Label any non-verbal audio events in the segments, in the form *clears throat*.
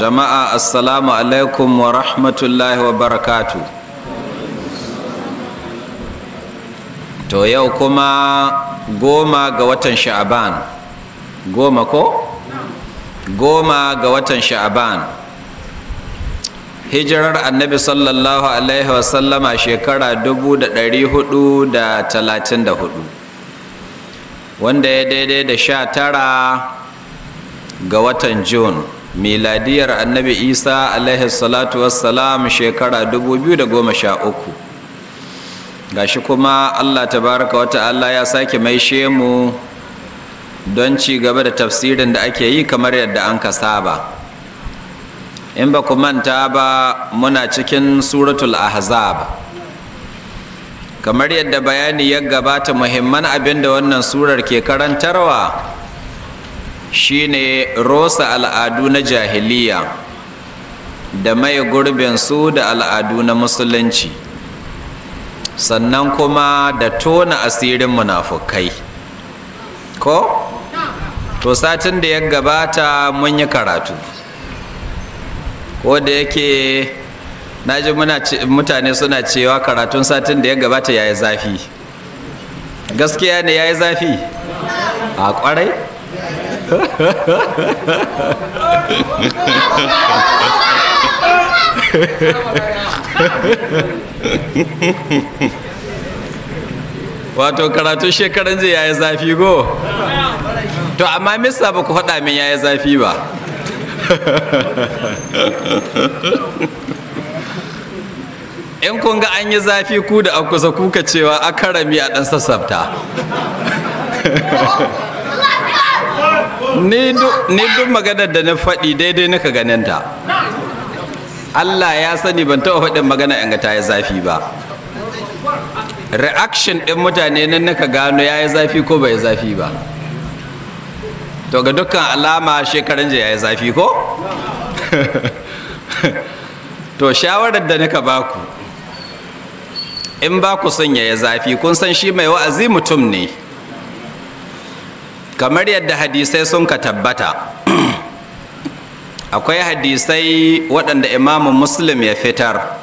jama'a assalamu alaikum wa rahmatullahi wa barakatu to yau kuma goma ga watan sha'aban goma ko? goma ga watan sha'aban hijirar annabi sallallahu alaihi wasallama shekara 434 wanda ya daidai da sha tara ga watan Jun. miladiyar annabi isa alaihi salatu wassalam shekara 2013 gashi kuma allah tabaraka wata Allah ya sake maishe mu don ci gaba da tafsirin da ake yi kamar yadda an ka saba in ba ku manta ba muna cikin suratul ahzab kamar yadda bayani ya gabata muhimman abin da wannan surar ke karantarwa shine rosa al'adu na jahiliya da mai gurbin su da al'adu na musulunci sannan kuma da tona asirin munafukai ko to satin da ya gabata mun yi karatu ko da yake na ji mutane suna cewa karatun satin da ya gabata ya yi zafi gaskiya ne ya yi zafi a kwarai wato karatun shekaran jiya yayi zafi go to amma mista ba ku faɗa min yayi zafi ba in kun ga an yi zafi ku da a kusa kuka cewa a karami a ɗan sassafta ni duk maganar da na faɗi daidai naka ganin ta Allah ya sani ban taɓa faɗin magana yanga ga ta yi zafi ba reaction ɗin mutane nan naka gano ya yi zafi ko bai zafi ba to ga dukkan alama shekaran ya yi zafi ko *laughs* to shawarar da naka baku in ba ku son ya yi zafi kun san shi mai wa'azi mutum ne kamar yadda hadisai sun ka tabbata *clears throat* akwai hadisai waɗanda imamu muslim ya fitar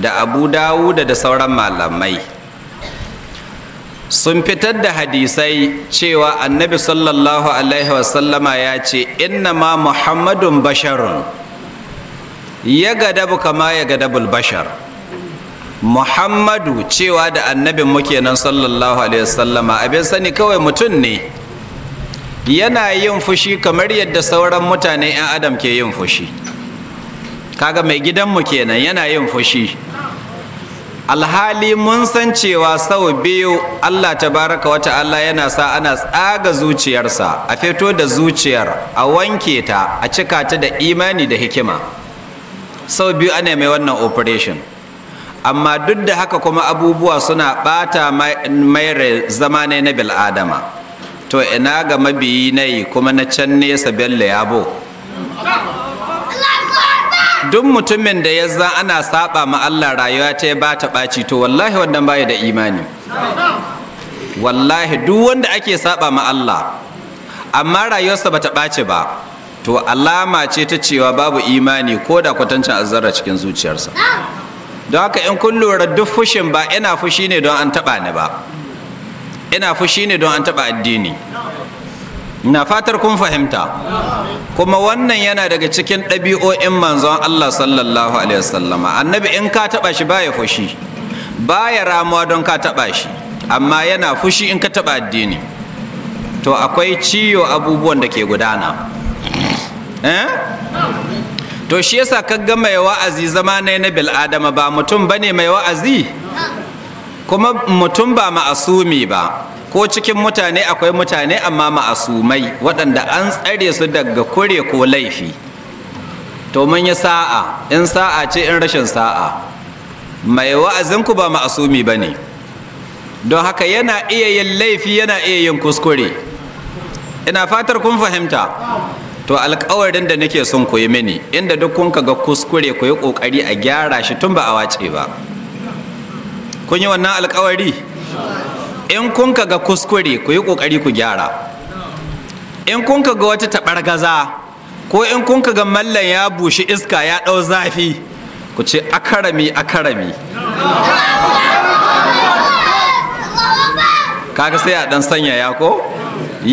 da abu dawuda da sauran malamai sun fitar da hadisai cewa annabi sallallahu alaihi wasallama ya ce inna ma muhammadun basharun ya gadabu kama ya gadabul bashar muhammadu cewa da annabin muke nan sallallahu alaihi wasallama abin sani kawai mutum ne yana yin fushi kamar yadda sauran mutane 'yan adam ke yin fushi kaga mai gidanmu kenan yana yin fushi alhali mun san cewa sau biyu allah tabaraka wata Allah yana sa ana tsaga zuciyarsa a feto da zuciyar a wanke ta a cika ta da imani da hikima sau biyu ana mai wannan operation amma duk da haka kuma abubuwa suna bata mai zama ne na bil'adama to ina ga mabiyi na yi kuma na can nesa bello ya bo? duk mutumin da ya za ana saba ma Allah rayuwa ta ba ta ɓaci to wallahi wannan baya da imani wallahi duk wanda ake saba ma Allah amma rayuwarsa ba ta ɓaci ba to alama ce ta cewa babu imani ko da kwatancin azzara cikin zuciyarsa don haka in kun lura duk fushin ba ina fushi ne don an taɓa ni ba ina fushi ne don an taɓa addini na fatar kun fahimta kuma wannan yana daga cikin ɗabi'o'in manzon Allah sallallahu alaihi wasallama annabi in ka taɓa shi baya fushi baya ramuwa don ka taɓa shi amma yana fushi in ka taɓa addini to akwai ciyo abubuwan da ke gudana eh? to shi yasa ka ga mai wa'azi zama ne na bil'adama ba mutum bane mai wa'azi kuma mutum ba ma'asumi ba ko cikin mutane akwai mutane amma ma'asumai waɗanda an tsare su daga kure ko laifi to mun yi sa'a in sa'a ce in rashin sa'a mai wa'azinku ba ma'asumi ba ne don haka yana iya yin laifi yana iya yin kuskure ina fatar kun fahimta to alkawarin da nake son ku mini inda duk kun ga kuskure ku yi ƙoƙari a gyara shi tun ba a wace ba kun yi wannan alkawari in kun ka ga kuskure ku yi kokari ku gyara in kun ka ga wata taɓar gaza ko in kun ka ga mallan ya bushi iska ya ɗau zafi ku ce akarami akarami kaga sai a dan sanya ya ko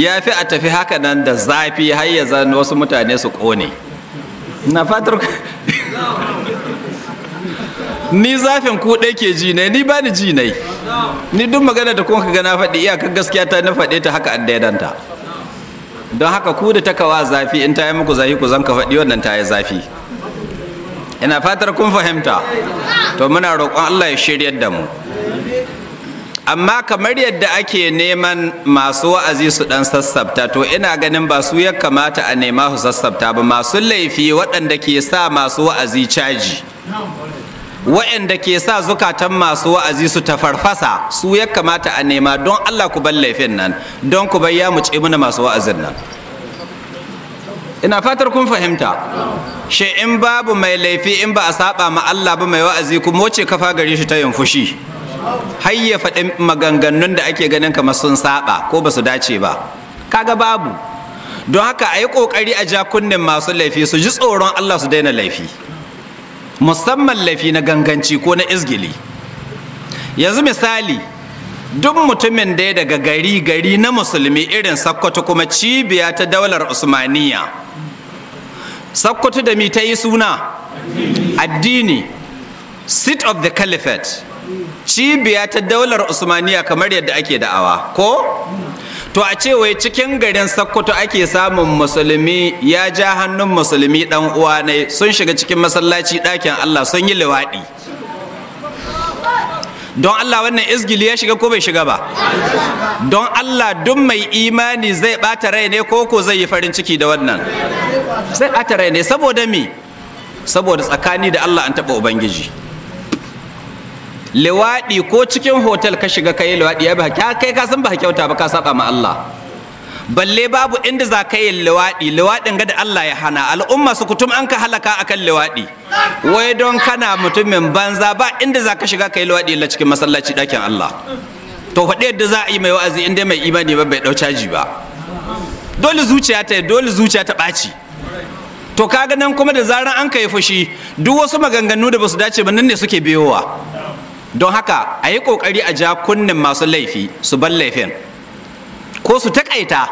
ya fi a tafi haka nan da zafi har ya zan wasu mutane su kone. na fatar ni zafin ku ɗai ke ji ne ni bani ji ne ni duk magana da kuma ga na faɗi iyakar gaskiya ta na faɗe ta haka addaidanta don haka ku da takawa zafi in ta yi muku zafi ku zan ka faɗi wannan ta yi zafi ina fatar kun fahimta to muna roƙon Allah ya shiryar da mu amma kamar yadda ake neman masu wa'azi su dan sassabta to ina ganin ba su ya kamata a nema su sassabta ba masu laifi waɗanda ke sa masu wa'azi caji wa'anda ke sa zukatan masu wa'azi su ta farfasa su ya kamata a nema don Allah ku bar laifin nan don ku bar ya mu ci mana masu wa'azin nan ina fatar kun fahimta She in babu mai laifi in ba a saba ma Allah ba mai wa'azi kuma wace kafa gare shi ta yin fushi har maganganun da ake ganin kamar sun saba ko ba su dace ba kaga babu don haka a yi ƙoƙari a ja kunnen masu laifi su ji tsoron Allah su daina laifi musamman laifi na ganganci ko na izgili yanzu misali duk mutumin da ya daga gari gari na musulmi irin sakkwato kuma cibiya ta daular usmaniya sakkwato da mi ta yi suna addini seat of the caliphate cibiya ta daular usmaniya kamar yadda ake da'awa ko to a ce wai cikin garin sakkwato ake samun musulmi ya ja hannun musulmi dan uwa ne sun shiga cikin masallaci ɗakin allah sun yi liwaɗi don allah wannan izgili ya shiga ko bai shiga ba don allah duk mai imani zai bata rai ne ko zai yi farin ciki da wannan zai bata rai ne saboda mi saboda tsakani da allah an taɓa ubangiji liwaɗi ko cikin hotel ka shiga ka yi liwaɗi ya ba kai ka san ba kyauta ba ka saba ma Allah balle babu inda za ka yi liwaɗi liwaɗin ga da Allah ya hana al'umma su kutum an ka halaka akan liwaɗi wai don kana mutumin banza ba inda za ka shiga ka yi liwaɗi la cikin masallaci ɗakin Allah to faɗi yadda za a yi mai wa'azi inda mai imani ba bai ɗau caji ba dole zuciya ta dole zuciya ta ɓaci to kaga nan kuma da zaran an ka yi fushi duk wasu maganganu da basu dace ba nan ne suke biyowa don haka a yi ƙoƙari a ja kunnen masu laifi su bar laifin ko su takaita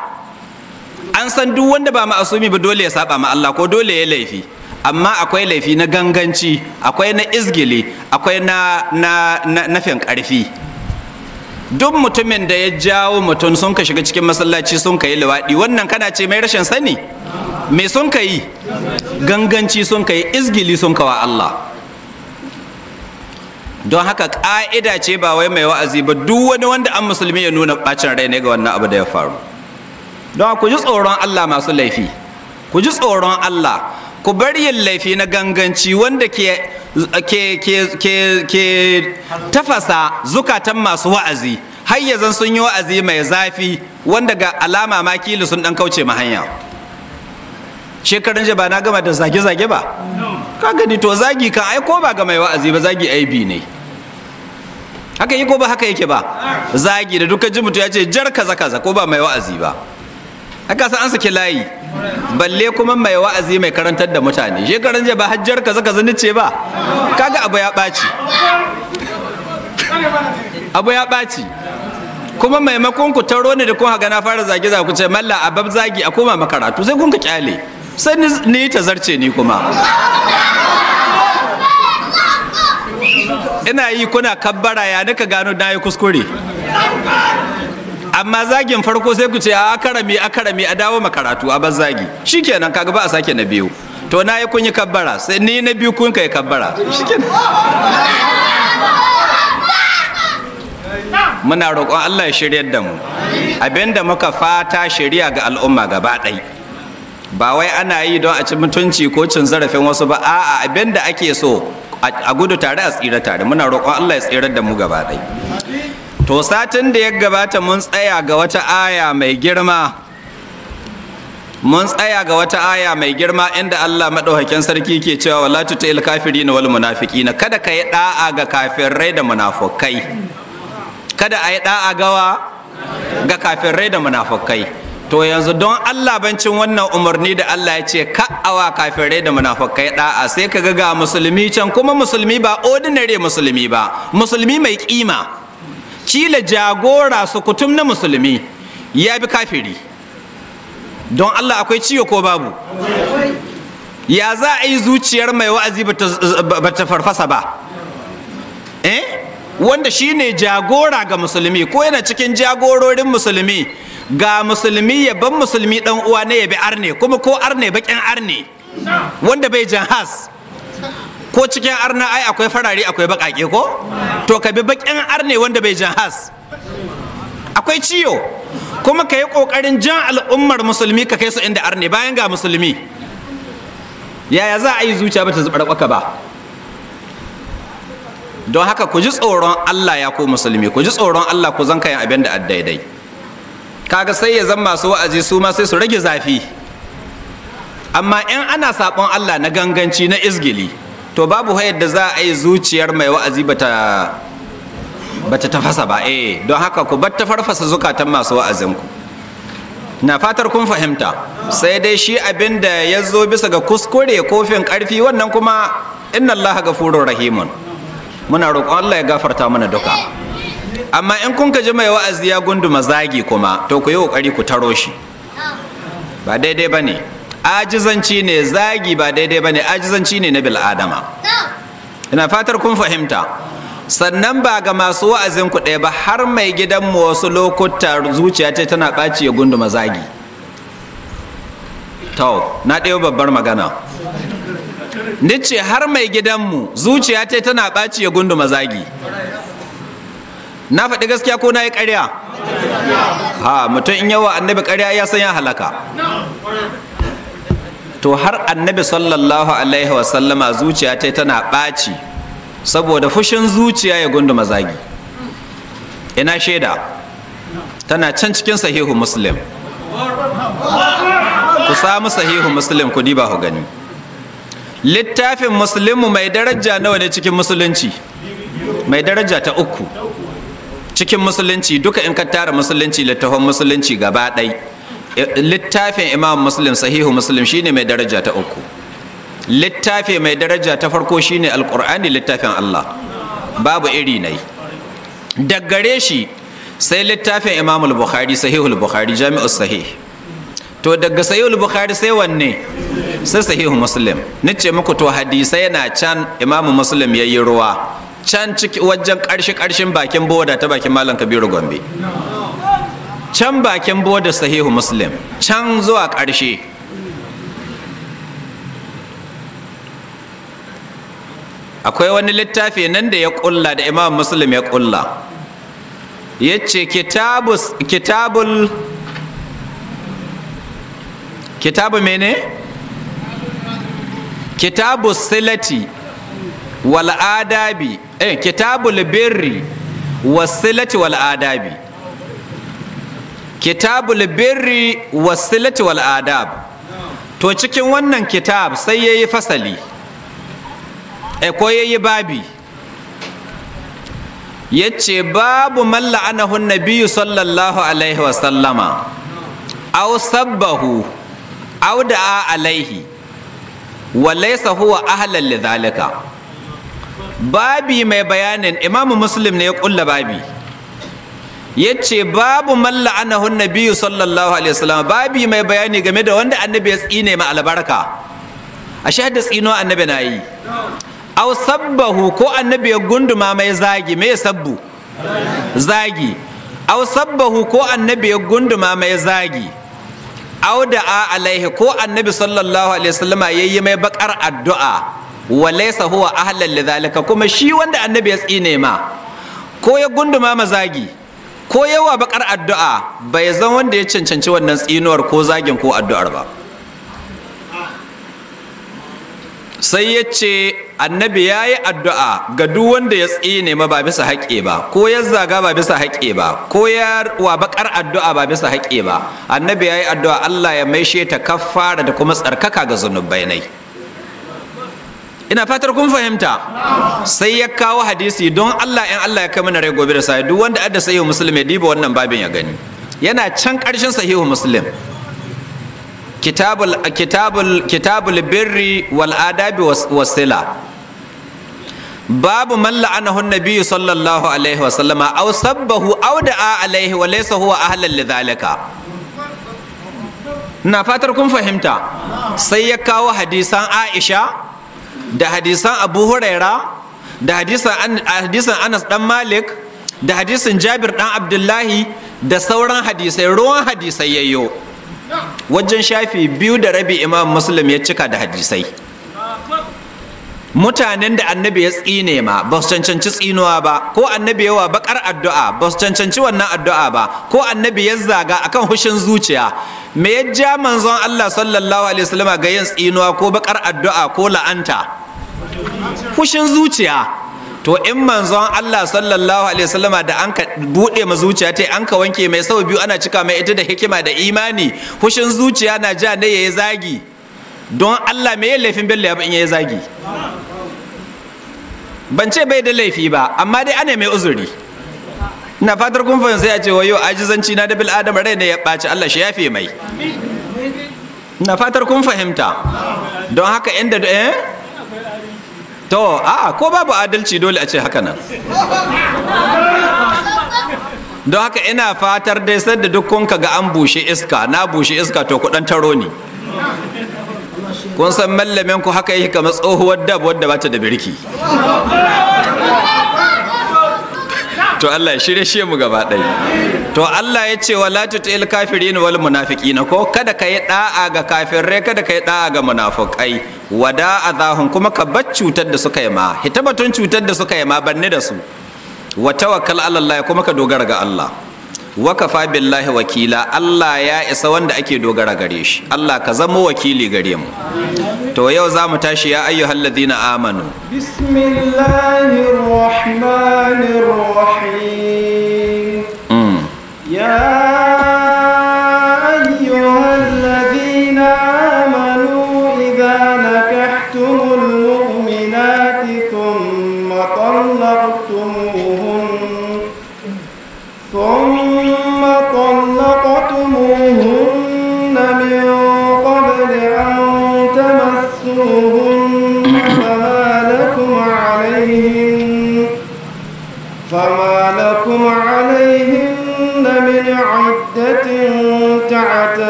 an san duk wanda ba ma'asumi ba dole ya saba ma Allah ko dole ya laifi amma akwai laifi na ganganci akwai na izgili akwai na na na nafin ƙarfi duk mutumin da ya jawo mutum sun ka shiga cikin masallaci sun ka yi luwaɗi wannan kana ce mai rashin sani me sun ka yi ganganci sun ka yi izgili sun kawa Allah don haka ƙa'ida ce ba wai mai wa'azi ba duk wani wanda an musulmi ya nuna bacin rai ne ga wannan abu da ya faru don ku ji tsoron Allah masu laifi ku ji tsoron Allah ku bar yin laifi na ganganci wanda ke ke tafasa zukatan masu wa'azi har yanzu sun yi wa'azi mai zafi wanda ga alama ma sun dan kauce ma hanya shekarun jiya ba na gama da zage-zage ba ka gani to zagi kan ai ko ba ga mai wa'azi ba zagi ai bi ne haka yi ko ba haka yake ba zagi da dukkan ji mutu ya ce jar kaza kaza ko ba mai wa'azi ba haka san an saki layi balle kuma mai wa'azi mai karantar da mutane shekaran jiya ba hajjar kaza kaza ni ce ba kaga abu ya ɓaci abu ya ɓaci kuma maimakon ku taro ne da kun haga na fara zage za ku ce malla abab zagi a koma makaratu sai kun ka kyale sai ni ta zarce ni kuma ina yi kuna kabbara ya nika gano na yi kuskure amma zagin farko sai ku ce a akarami akarami a dawo makaratu a zagi shikenan kaga ba a sake na biyu to na yi kun yi kabbara sai ni na biyu kun kai kabbara muna roƙon Allah ya shiryar da mu abinda muka fata shirya ga al'umma gaba ɗaya ba wai ana yi don a ci mutunci ko cin zarafin wasu ba a'a abin da ake so a gudu tare a tsira tare muna roƙon Allah ya tsirar da mu gaba ɗai to satin da ya gabata mun tsaya ga wata aya mai girma mun tsaya ga wata aya mai girma inda Allah maɗaukakin sarki ke cewa wala tutail kafirin wal munafiqina kada ka yi da'a ga kafirai da munafukai kada a yi da'a gawa ga kafirai da munafukai to yanzu don Allah bancin wannan umarni da Allah ya ce ka'awa kafirai da munafukai da'a sai ka ga ga musulmi can kuma musulmi ba ordinary musulmi ba musulmi mai kima kila jagora su kutum na musulmi ya bi kafiri don Allah akwai ciwo ko babu ya za a yi zuciyar mai wa'azi ba ta farfasa ba eh wanda shine jagora ga musulmi ko yana cikin jagororin musulmi ga musulmi yaban musulmi dan uwa na yabi arne kuma ko arne bakin arne wanda bai jan has ko cikin arna ai akwai farare akwai bakake ko to ka bi bakin arne wanda bai jan has akwai ciyo kuma ka yi kokarin jan al'ummar musulmi ka kai su inda arne bayan ga musulmi yaya za a yi zuciya ba ta zubar kwaka ba don haka ku ji tsoron Allah ya ku musulmi ku ji tsoron Allah ku zan kayan abin da daidai? kaga sai ya zama masu wa'azi su ma sai su rage zafi amma in ana saɓon Allah na ganganci na izgili to babu hayar da za a yi zuciyar mai wa'azi bata bata tafasa ba eh don haka ku bar ta farfasa zukatan masu wa'azinku na fatar kun fahimta sai dai shi abin da ya zo bisa ga kuskure kofin karfi wannan kuma inna ga gafurur rahimun muna roƙon Allah ya gafarta mana duka amma in kun ka ji mai wa'azi ya gundu zagi kuma to ku yi kokari ku taro shi ba daidai ba ne ajizanci ne zagi ba daidai ba ne ajizanci ne na bil'adama ina fatar kun fahimta sannan ba ga masu wa'azin ku ɗaya ba har mai gidanmu wasu lokuta zuciya ce tana ɓaci ya gundu zagi to na ɗaya babbar magana nice har mai gidanmu zuciya ce tana ɓaci ya gundu zagi na faɗi gaskiya ko na yi ƙarya ha mutum in yawa annabi ƙarya ya san ya halaka to har annabi sallallahu alaihi wasallama zuciya ta tana ɓaci saboda fushin zuciya ya gundu mazagi ina shaida tana can cikin sahihu muslim ku samu sahihu muslim ku diba ku gani littafin muslimu mai daraja nawa ne cikin musulunci mai daraja ta uku cikin musulunci duka in ka tara musulunci littafin musulunci gaba ɗai eh, littafin imam muslim sahihu muslim shine mai daraja ta uku littafi mai daraja ta farko shine alkur'ani littafin allah babu iri na yi. daggare shi sai littafin imam bukhari sahihu bukhari jami'us sahih to daga sahihu bukhari sai wanne sai sahihu muslim nace muku to hadisai na can imam muslim yayi ruwa can ciki wajen ƙarshe ƙarshen bakin boda ta bakin malam kabiru gombe can bakin boda sahihu muslim can zuwa ƙarshe akwai wani littafi nan da ya ƙulla da imam muslim ya kulla. ya ce kitabul kitabu mene kitabu silati wal adabi eh kitabul birri wasilati wal adabi kitabul birri wasilati wal adab to cikin wannan kitab sai yayi fasali e ko yayi babi yace babu man la'anahu nabiyyu sallallahu alaihi wa sallama aw sabbahu aw da'a alaihi wa laysa huwa ahlan lidhalika babi mai bayanin imamu muslim ne ya kulla babi ya ce babu malla anahun nabiyu sallallahu alaihi wasallam babi mai bayani game da wanda annabi ya tsine ma albarka a shahada tsino annabi na yi au sabbahu ko annabi ya gunduma mai zagi mai sabbu zagi au sabbahu ko annabi ya gunduma mai zagi au da'a alaihi ko annabi sallallahu alaihi yayi mai bakar addu'a walaisa huwa ahlan lidhalika kuma shi wanda annabi ya tsine ma ko ya gunduma mazagi ko yawa bakar addu'a bai zan wanda ya cancanci wannan tsinuwar ko zagin ko addu'ar ba sai ya ce annabi ya yi addu'a ga duk wanda ya tsine ma ba bisa haƙe ba ko ya zaga ba bisa haƙe ba ko ya wa baƙar addu'a ba bisa haƙe ba annabi ya yi addu'a Allah ya maishe ta kaffara da kuma tsarkaka ga zunubai nai ina fatar kun fahimta sai ya kawo hadisi don Allah in Allah ya kama mana rai gobe da sai duk wanda adda sahihu muslim ya diba wannan babin ya gani yana can karshen sahihu muslim kitabul kitabul kitabul birri wal adabi wasila babu man la'anahu nabiyyu sallallahu alaihi wa sallama aw sabbahu aw da'a alaihi wa laysa huwa ahlan na fatar kun fahimta sai ya kawo hadisan Aisha da hadisan abu huraira da hadisan anas dan malik da hadisan jabir dan abdullahi da sauran hadisai ruwan hadisai yayyo wajen shafi biyu da rabi imam muslim ya cika da hadisai mutanen da annabi ya tsine ma ba su cancanci tsinuwa ba ko annabi yawa bakar addu'a ba su cancanci wannan addu'a ba ko annabi ya zaga akan hushin zuciya me ya ja manzon Allah sallallahu alaihi wasallama ga yin tsinuwa ko bakar addu'a ko la'anta hushin zuciya to in manzon Allah sallallahu alaihi wasallama da an ka bude ma zuciya ta an ka wanke mai sau biyu ana cika mai ita da hikima da imani hushin zuciya na ja ne yayi zagi don Allah me ya laifin bella in yayi zagi ban ce bai da laifi ba amma dai ana mai uzuri na fatar kun fahimta a ce wayo ajizanci na da bil adam rai ne ya ɓaci Allah shi yafe mai na fatar kun fahimta don haka inda eh to a ko babu adalci dole a ce haka nan don haka ina fatar dai sadda dukkan ka ga an bushe iska na bushe iska to kudan taro ne kun san mallamin ku haka yake kamar tsohuwar dab wadda bata da birki to Allah ya shirye shi mu gaba ɗaya to Allah ya ce wala tutil kafirin wal munafiqina ko kada ka yi da'a ga kafirai kada ka yi da'a ga munafiqai wada azahun kuma ka bar cutar da suka yi ma hitabatun cutar da suka yi ma banne da su wa tawakkal ala Allah kuma ka dogara ga Allah wakafa billahi wakila Allah ya isa wanda ake dogara gare shi Allah ka zama wakili gare mu to yau za mu tashi ya ayyu halladina amanu bismillahir hmm. ya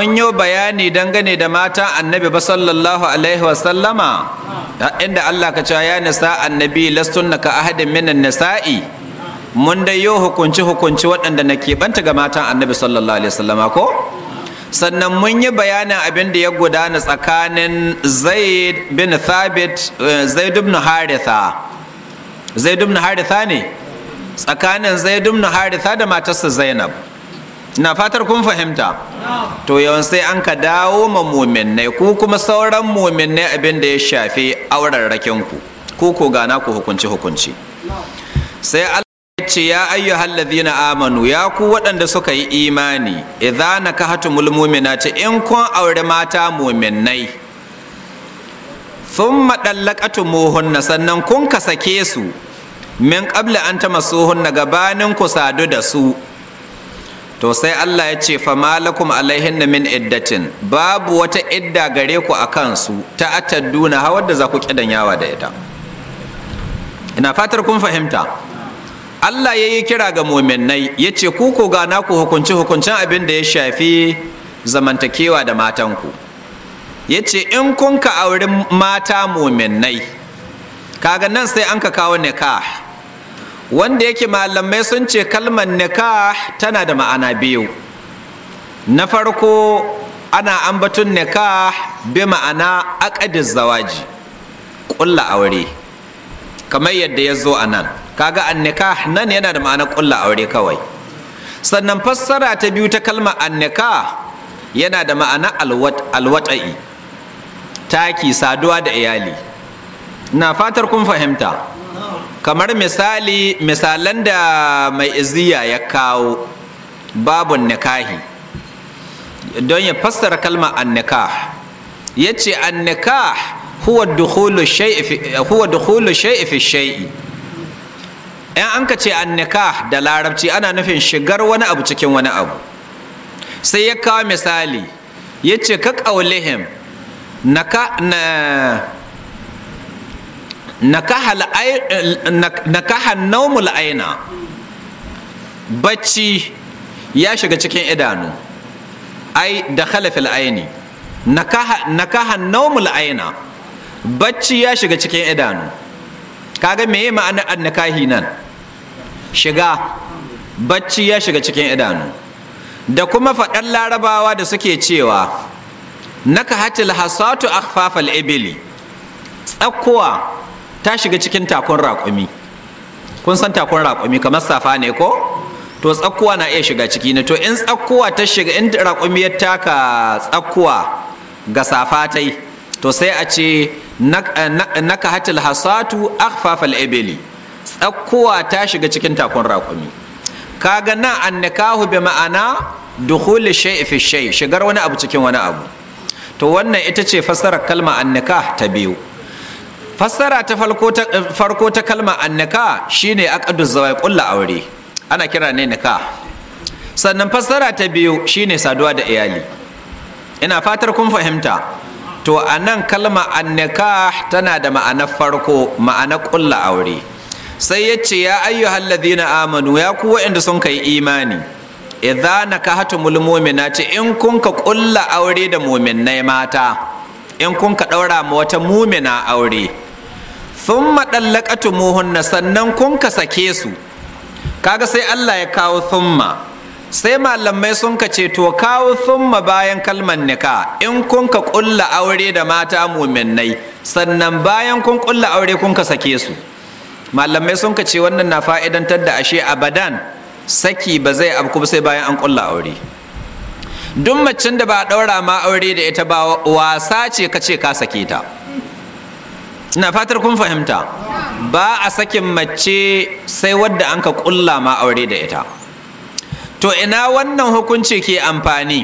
mun yi bayani dangane da mata annabi ba sallallahu alaihi wasallama inda Allah ka cewa ya nisa annabi lastunna ka ahadin minan nisa'i mun dai yo hukunci hukunci waɗanda na keɓanta ga matan annabi sallallahu alaihi wasallama ko sannan mun yi bayanin abin da ya gudana tsakanin zaid bin thabit eh, zaid ibn haritha zaid ibn haritha ne tsakanin zaid ibn haritha da matarsa zainab na fatar kun fahimta to yawan sai an ka dawo ma muminai ku kuma sauran muminai abin da ya shafi auren ku ku ko gana ku hukunci hukunci sai Allah ya ce ya ayyuhal ladhina amanu ya ku waɗanda suka yi imani idza nakahatumul mu'minati in kun aure mata sun thumma dallaqatumuhunna sannan kun kasake su min qabla an tamassuhunna gabanin ku sadu da su to sai Allah ya ce fa malakum alaihinna min iddatin babu wata idda gare ku a kansu ta na hawar da za ku kidan yawa da ita ina fatar kun fahimta Allah ya yi kira ga muminai ya ce ku ko gana ku hukunci hukuncin abin da ya shafi zamantakewa da matanku ya ce in kun ka auri mata muminai kaga nan sai an ka kawo nikah wanda yake malamai sun ce kalmar nikah tana da ma'ana biyu na farko ana ambatun nikah bi ma'ana aqdiz zawaji ƙulla aure kamar yadda ya zo a nan kaga an nikah nan yana da ma'ana ƙulla aure kawai sannan fassara ta biyu ta kalmar an nikah yana da ma'ana alwata'i taki saduwa da iyali na fatar kun fahimta kamar misali misalan da mai iziya ya kawo babun nikahi don ya fassara kalma annikah ya ce annikah huwa dukulu shay'i fi shaii. Yan an ka ce annikah da larabci ana nufin shigar wani abu cikin wani abu sai ya kawo misali ya ce ka ƙaulihim na nakaha naumul aina bacci ya shiga cikin idanu ai da khalafil aini nakaha naumul aina bacci ya shiga cikin idanu kaga me meye ma'anar annakahi nan shiga bacci ya shiga cikin idanu da kuma faɗan larabawa da suke cewa naka hatil hasatu akhfafal ibili tsakkuwa ta shiga cikin takon raƙumi kun san takon raƙumi kamar safa ne ko to tsakkuwa na iya shiga ciki ne to in tsakkuwa ta shiga in raƙumi ya taka tsakkuwa ga safa ta yi to sai a ce eh, naka hatil hasatu akhfafal ebeli tsakkuwa ta shiga cikin takon raƙumi kaga nan an nikahu bi ma'ana dukhul shay'i fi shay shigar wani abu cikin wani abu to wannan ita ce fassarar kalma an nikah ta biyu fassara ta farko ta kalma annika shine aqdu zawai kullu aure ana kira ne nika sannan fassara ta biyu shine saduwa da iyali ina fatar kun fahimta to anan kalma annika tana da ma'ana farko ma'ana kulla aure sai ya ce ya ayyuhal ladina amanu ya ku waɗanda sun kai imani idza nakahatumul mu'minati in kun ka kullu aure da mu'minnai mata in kun ka ɗaura ma wata mumina aure thumma muhunna sannan kun ka sake su kaga sai Allah ya kawo thumma sai malamai sun ka ce to kawo thumma bayan kalman nika in kun ka ƙulla aure da mata muminnai sannan bayan kun ƙulla aure kun ka sake su malamai sun ka ce wannan na fa'idantar da ashe A badan saki ba zai abu sai bayan an kulla aure duk macin da ba a ɗaura ma aure da ita ba wasa ce ka ce ka sake ta ina fatar kun fahimta ba a sakin mace sai wadda an ka kulla ma aure da ita to ina wannan hukunci ke amfani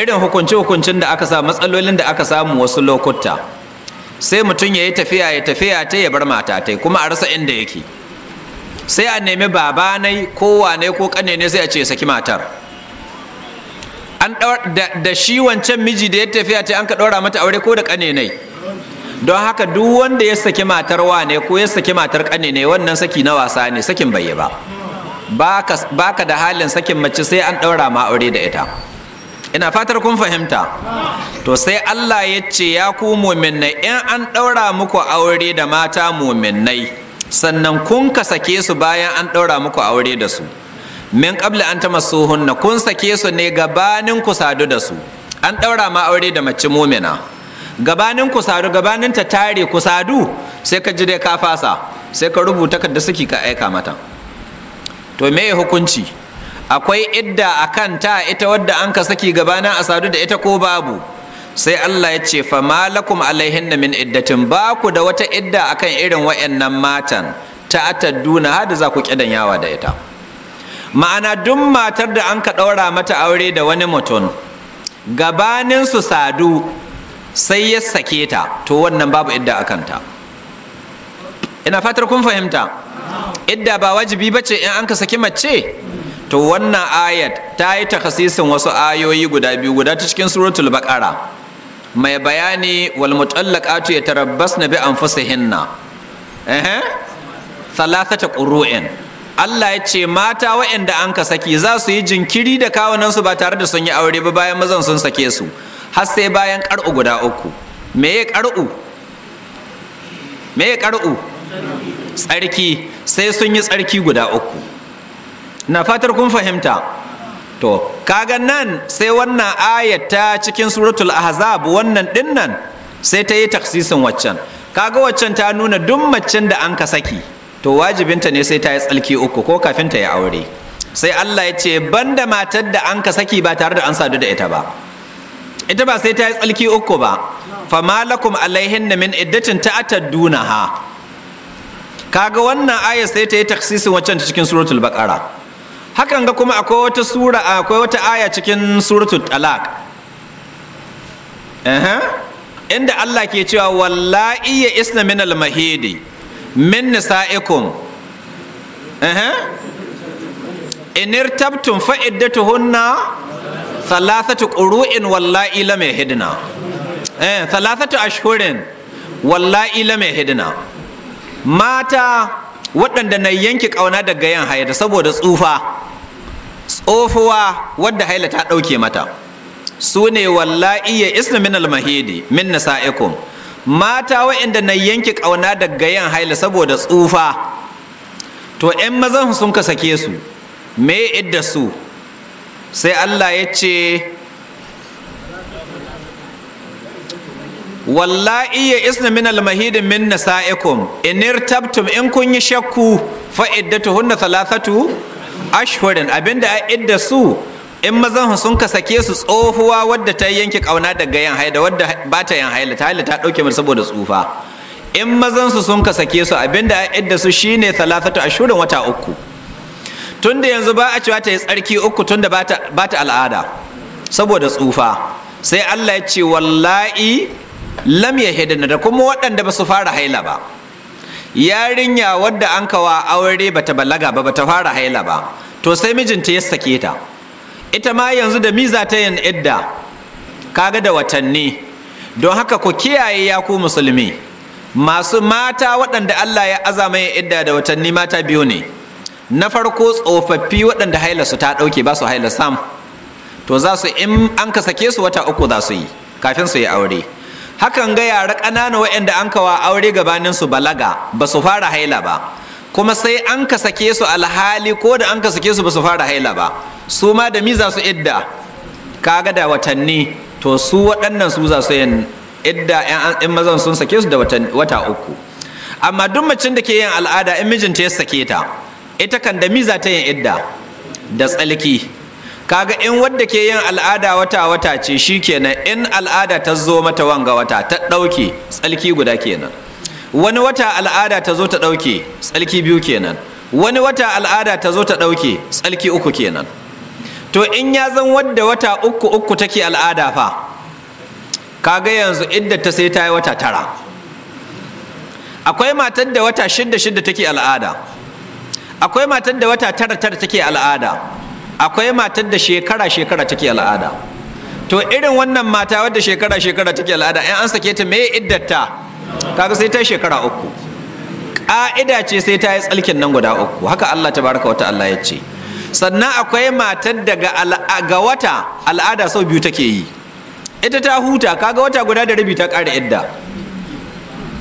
irin hukunci-hukuncin da aka sa matsalolin da aka samu wasu lokuta sai mutum ya yi tafiya ya tafiya ta ya bar mata kuma a rasa inda yake sai a nemi babanai ko wane ko kane ne sai a ce saki matar an da shi wancan miji da ya tafiya ta an ka ɗora mata aure ko da kane nai don haka duk wanda ya saki matar wane ko ya saki matar kane ne wannan saki na wasa ne sakin bai yi ba baka da halin sakin mace sai an ɗaura ma aure da ita ina fatar kun fahimta to sai Allah ya ce ya ku muminai in an ɗaura muku aure da mata muminai sannan kun ka sake su bayan an ɗaura muku aure da su min ƙabla an ta masuhunna kun sake su ne gabanin ku sadu da su an ɗaura ma aure da mace mumina gabanin ku sadu gabanin ta tare ku sadu sai ka ji dai ka fasa sai ka rubuta ka da suke ka aika mata to me hukunci akwai idda a kanta ita wadda an ka saki gabanin a sadu da ita ko babu sai Allah ya ce fa malakum alaihinna min iddatin ba ku da wata idda akan irin wayannan matan ta atadduna hada za ku kidan yawa da ita ma'ana duk matar da an ka daura mata aure da wani mutum gabanin su sadu sai ya sake ta to wannan babu idda a kanta ina fatar kun fahimta idda ba wajibi ba ce in an ka saki mace to wannan ayat ta yi takhasisin wasu ayoyi guda biyu guda ta cikin suratul baqara mai bayani wal mutallaqatu yatarabbasna bi anfusihinna eh thalathata qurun Allah ya ce mata waɗanda an ka saki za su yi jinkiri da kawunansu ba tare da sun yi aure ba bayan mazan sun sake su har sai bayan ƙar'u guda uku me ya ƙar'u me ƙar'u tsarki sai sun yi tsarki guda uku na fatar kun fahimta to kaga nan sai wannan ayata cikin suratul ahzab wannan dinnan sai ta yi taksisin waccan kaga waccan ta nuna duk macen da an ka saki to wajibinta ne sai ta yi tsalki uku ko kafin ta yi aure sai Allah ya ce banda matar da an ka saki ba tare da an sadu da ita ba ita ba sai ta yi tsalki uku ba fa malakum alaihin na min iddatin ta'atar ha kaga wannan aya sai ta yi taksisin waccan ta cikin suratul baqara hakan ga kuma akwai wata sura akwai wata aya cikin suratul talaq inda Allah ke cewa wallahi ya isna min al mahidi min nisaikum in inirtabtum fa iddatuhunna thalathatu quru'in wallahi la mai hidna eh thalathatu ashhurin wallahi mata waɗanda na yanke ƙauna daga yan haida saboda tsufa tsofuwa wadda haila ta ɗauke mata sune ne wallahi ya isna min almahidi min nasa'ikum mata waɗanda na yanke ƙauna daga yan haila saboda tsufa to 'yan mazan sun ka sake su me idda su sai Allah ya ce wallahi ya isna min almahidin min nasa'ikum in irtabtum in kun yi shakku fa iddatuhunna thalathatu ashhurin abinda ai idda su in mazan sun ka sake su tsohuwa wadda ta yanke kauna daga yan haila wadda ba ta yan haila ta haila ta dauke mu saboda tsufa in mazan su sun ka sake su abinda ai idda su shine thalathatu ashhurin wata uku tunda yanzu ba a cewa ta yi tsarki uku tunda ba ta al'ada saboda tsufa sai Allah ya ce wallahi lam ya hidina, da kuma waɗanda ba su fara haila ba yarinya wadda an kawa aure bata balaga ba ba ta fara haila ba to sai mijinta ya sake ta ita ma yanzu da miza ta yin idda kaga da watanni don haka ku kiyaye ya ku musulmi masu mata waɗanda Allah ya azama yin idda da watanni mata biyu ne na farko tsofaffi waɗanda hailarsu ta ɗauke ba su hailar sam to za su in an ka sake su wata uku za su yi kafin su yi aure hakan ga yara ƙanana waɗanda an kawa aure gabanin su balaga ba su fara haila ba kuma sai an ka sake su alhali ko da an ka sake su ba su fara haila ba su ma da mi za su idda kaga da watanni to su waɗannan su za su yin idda in mazan sun sake su da wata uku amma duk macin da ke yin al'ada in mijinta ya sake ta ita kan da miza ta yin idda da tsalki kaga in wadda ke yin al'ada wata wata ce shi kenan in al'ada ta zo mata wanga wata ta ɗauke tsalki guda kenan wani wata al'ada ta zo ta ɗauke tsalki biyu kenan wani wata al'ada ta zo ta ɗauke tsalki uku kenan to in ya zan wadda wata uku uku take al'ada fa kaga yanzu idda ta sai ta yi wata tara akwai matar da wata shidda shidda take al'ada akwai matan da wata tara tara take al'ada akwai matan da shekara shekara take al'ada to irin wannan mata wadda shekara shekara take al'ada in an sake ta me iddata kaga sai ta shekara uku ƙa'ida ce sai ta yi tsalkin nan guda uku haka Allah tabaraka wata Allah ya ce sannan akwai matan da ga wata al'ada sau biyu take yi ita ta huta kaga wata guda da rubi ta ƙara idda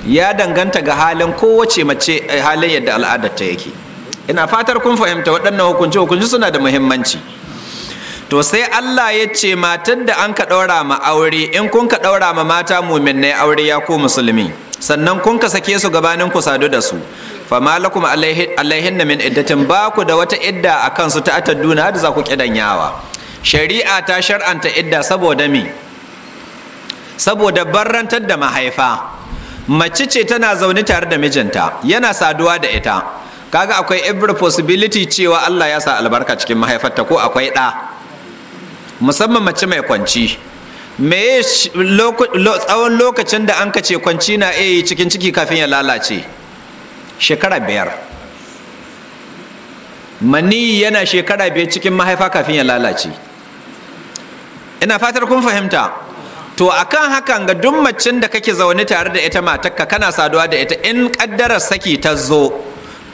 ya danganta ga halin kowace mace eh, halin yadda al'adar ta yake ina fatar kun fahimta waɗannan hukunci hukunci suna da muhimmanci to sai Allah ya ce matar da an ka ɗaura ma aure in kun ka ɗaura ma mata muminai aure ya ko musulmi sannan kun ka sake su gabanin ku sadu da su Fa malakum alaihin na min iddatin ba ku da wata idda a kansu ta atadduna da za ku yawa. shari'a ta shar'anta idda saboda mi saboda barrantar da mahaifa mace ce tana zaune tare da mijinta yana saduwa da ita kaga akwai every possibility cewa Allah ya sa albarka cikin mahaifarta ko akwai ɗa musamman mace mai kwanci me tsawon lokacin da an kace kwanci na iya yi cikin ciki kafin ya lalace shekara biyar mani yana shekara biyar cikin mahaifa kafin ya lalace ina fatar kun fahimta to akan hakan ga duk macin da kake zaune tare da ita matakka kana saduwa da ita in kaddarar saki ta zo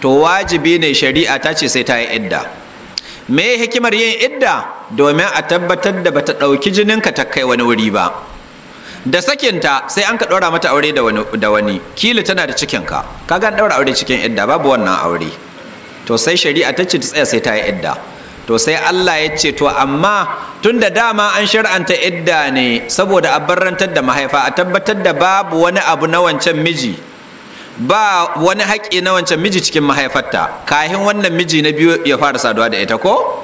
to wajibi ne shari'a ta ce sai ta yi idda me hikimar yin idda domin a tabbatar da bata ɗauki ka ta kai wani wuri ba da sakin ta sai an ka dora mata aure da wani kila tana da cikinka kaga an ɗaura aure cikin idda babu wannan aure to sai shari'a ta ce ta tsaya sai ta yi idda to sai Allah ya ce to amma tun da dama an shar'anta idda ne saboda a barrantar da mahaifa a tabbatar da babu wani abu na wancan miji ba wani haƙƙi na wancan miji cikin mahaifarta kahin wannan miji na biyu ya fara saduwa da ita ko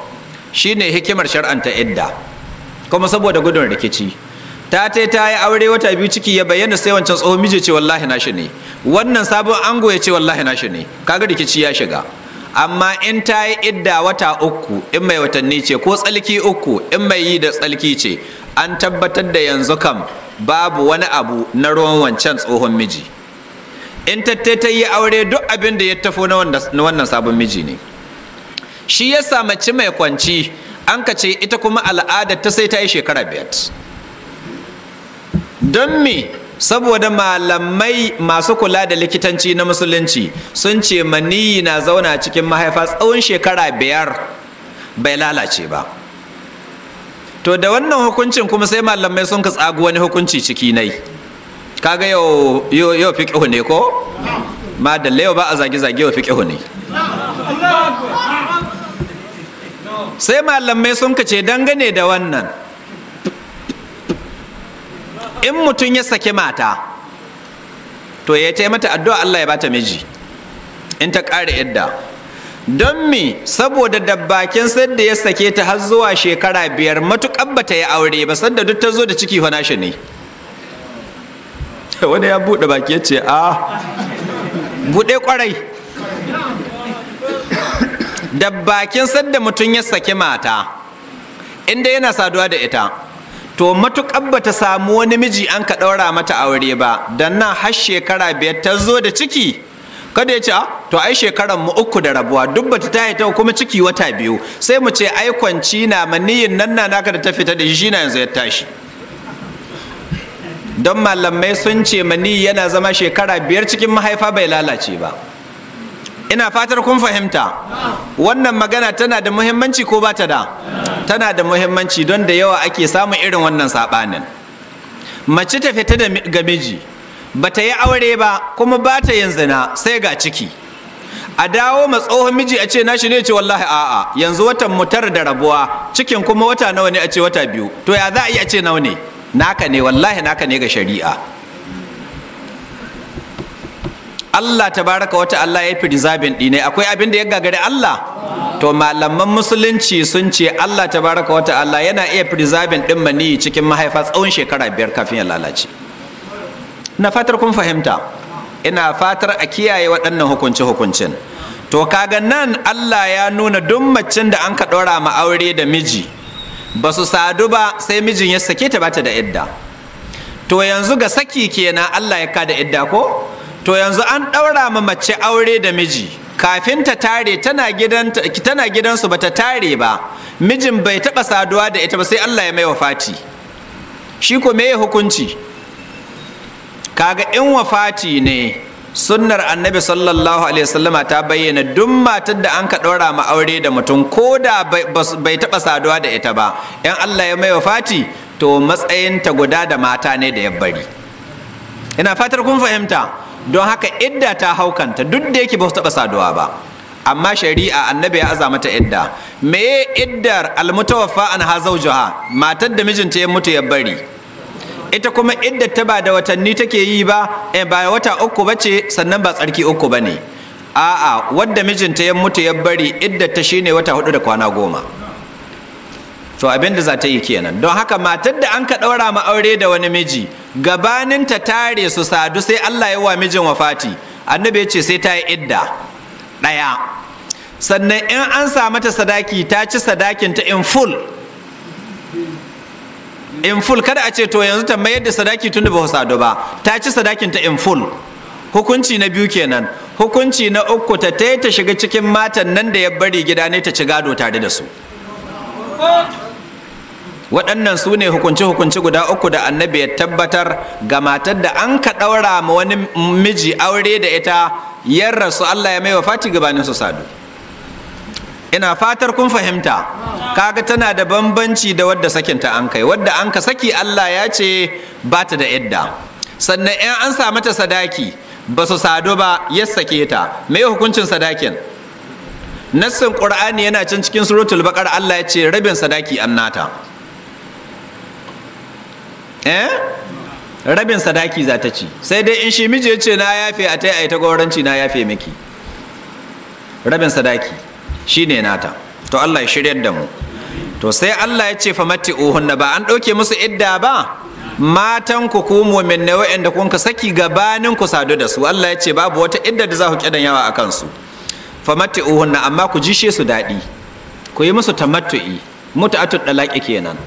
Shi ne hikimar shar'anta idda kuma saboda gudun rikici ta ta ta yi aure wata biyu ciki ya bayyana sai wancan tsohon miji ce wallahi na shi ne wannan sabon ango ya ce wallahi na shi ne kaga rikici ya shiga amma in ta yi idda wata uku in mai watanni ce ko tsalki uku in mai yi da tsalki ce an tabbatar da yanzu kam babu wani abu na ruwan wancan tsohon miji in tattai ta yi aure duk abin da ya tafo na wannan sabon miji ne shi ya sami ci mai kwanci an ka ce ita kuma al'ada ta sai ta yi shekara biyar don me saboda malamai masu kula da likitanci na musulunci sun ce maniyi na zauna cikin mahaifa tsawon shekara biyar bai lalace ba to da wannan hukuncin kuma sai malamai sun ka tsagu wani hukunci ciki nai kaga yau yau kihu ne ko ma da yau ba a zage zage yau fi kihu ne sai malamai sun kace dangane da wannan in mutum ya saki mata to ya ce mata addu'a Allah ya bata miji in ta ƙara yadda don mi saboda dabbakin da ya sake ta har zuwa shekara biyar matuƙar ta yi aure ba sanda duk ta zo da ciki fa nashi ne *laughs* wani ya buɗe baki ce a ah, buɗe kwarai da bakin sadda mutum ya saki mata inda yana saduwa da ita to matuƙar ba ta samu wani miji an ka ɗaura mata aure ba don nan har shekara biyar ta zo da ciki kada ya ce ah, to ai shekaran mu uku da rabuwa duk bata ta yi ta kuma ciki wata biyu sai mu ce ai kwanci na maniyin nan na naka da ta fita da shi na yanzu ya tashi don malamai sun ce mani yana zama shekara biyar cikin mahaifa bai lalace ba ina fatar kun fahimta wannan magana tana da muhimmanci ko ba ta da tana da muhimmanci don da yawa ake samun irin wannan saɓanin mace ta fita ga miji ba ta yi aure ba kuma ba ta yin zina sai ga ciki a dawo ma tsohon miji a ce nashi ne ce wallahi a'a yanzu watan mutar da rabuwa cikin kuma wata nawa ne a ce wata biyu to ya za a yi a ce nawa ne naka ne wallahi naka ne ga shari'a Allah tabaraka wata Allah ya fi firizabin ɗine akwai abin da ya gagari Allah to malaman musulunci sun ce Allah tabaraka wata Allah yana iya firizabin ɗin mani cikin mahaifa tsawon shekara biyar kafin ya lalace na fatar kun fahimta ina fatar a kiyaye waɗannan hukunci hukuncin to kaga nan Allah ya nuna duk da an ka ɗora ma aure da miji ba su sadu ba sai mijin ya sake ta bata da idda to yanzu ga saki kenan Allah ya kada idda ko to yanzu an ɗaura ma mace aure da miji kafin ta tare tana gidansu ba ta tare ba mijin bai taɓa saduwa da ita ba sai Allah ya mai wafati shi ko me hukunci kaga in wafati ne sunnar annabi sallallahu alaihi wasallama ta bayyana duk matar da an ka ɗora ma aure da mutum ko da bai taɓa saduwa da ita ba yan Allah ya mai Fati, to matsayin ta guda da mata ne da ya bari ina fatar kun fahimta don haka idda ta haukanta duk da yake ba su taɓa saduwa ba amma shari'a annabi ya aza mata idda me iddar almutawaffa an ha zaujaha matar da mijinta ya mutu ya bari ita kuma idda ta ba da watanni take yi ba eh, ba wata uku ba sannan ba tsarki uku ba ne a'a wadda mijinta ya mutu ya bari idda ta shine wata hudu da kwana goma to abin da za ta yi kenan don haka matar da an ka ɗaura ma aure da wani miji gabanin ta tare su sadu sai Allah ya wa mijin wafati annabi ya ce sai ta yi idda ɗaya sannan in an sa mata sadaki ta ci sadakin ta in full in full kada a ce to yanzu mayar da sadaki tun da ba sadu ba ta ci sadakin ta in full hukunci na biyu kenan hukunci na uku ta ta ta shiga cikin matan nan da ya bari gida ne ta ci gado tare da su waɗannan su ne hukunci-hukunci guda uku da annabi ya tabbatar ga matar da an ka ɗaura ma wani miji aure da ita yar rasu Allah ya mai wa fati gabanin su sadu ina fatar kun fahimta kaga tana da bambanci da wadda sakinta an kai wadda an ka saki Allah ya ce ba ta da idda sannan 'yan an sa mata sadaki ba su Sado ba ya sake ta me hukuncin sadakin nassin qur'ani yana can cikin suratul baqar Allah ya ce rabin sadaki annata eh rabin sadaki za ta ci sai dai in shi miji ya ce na yafe a tai ai ta gauranci na yafe miki rabin sadaki Shi ne nata to Allah ya shiryar da mu to sai Allah ya ce famati uhunna ba an ɗauke musu idda ba matan ku ku mumin ne wa'anda kun ka saki gabanin ku sadu da su Allah ya ce babu wata idda da za ku kidan yawa a kansu famati uhunna amma ku ji su daɗi ku yi musu tamattu'i muta'atul dalaki kenan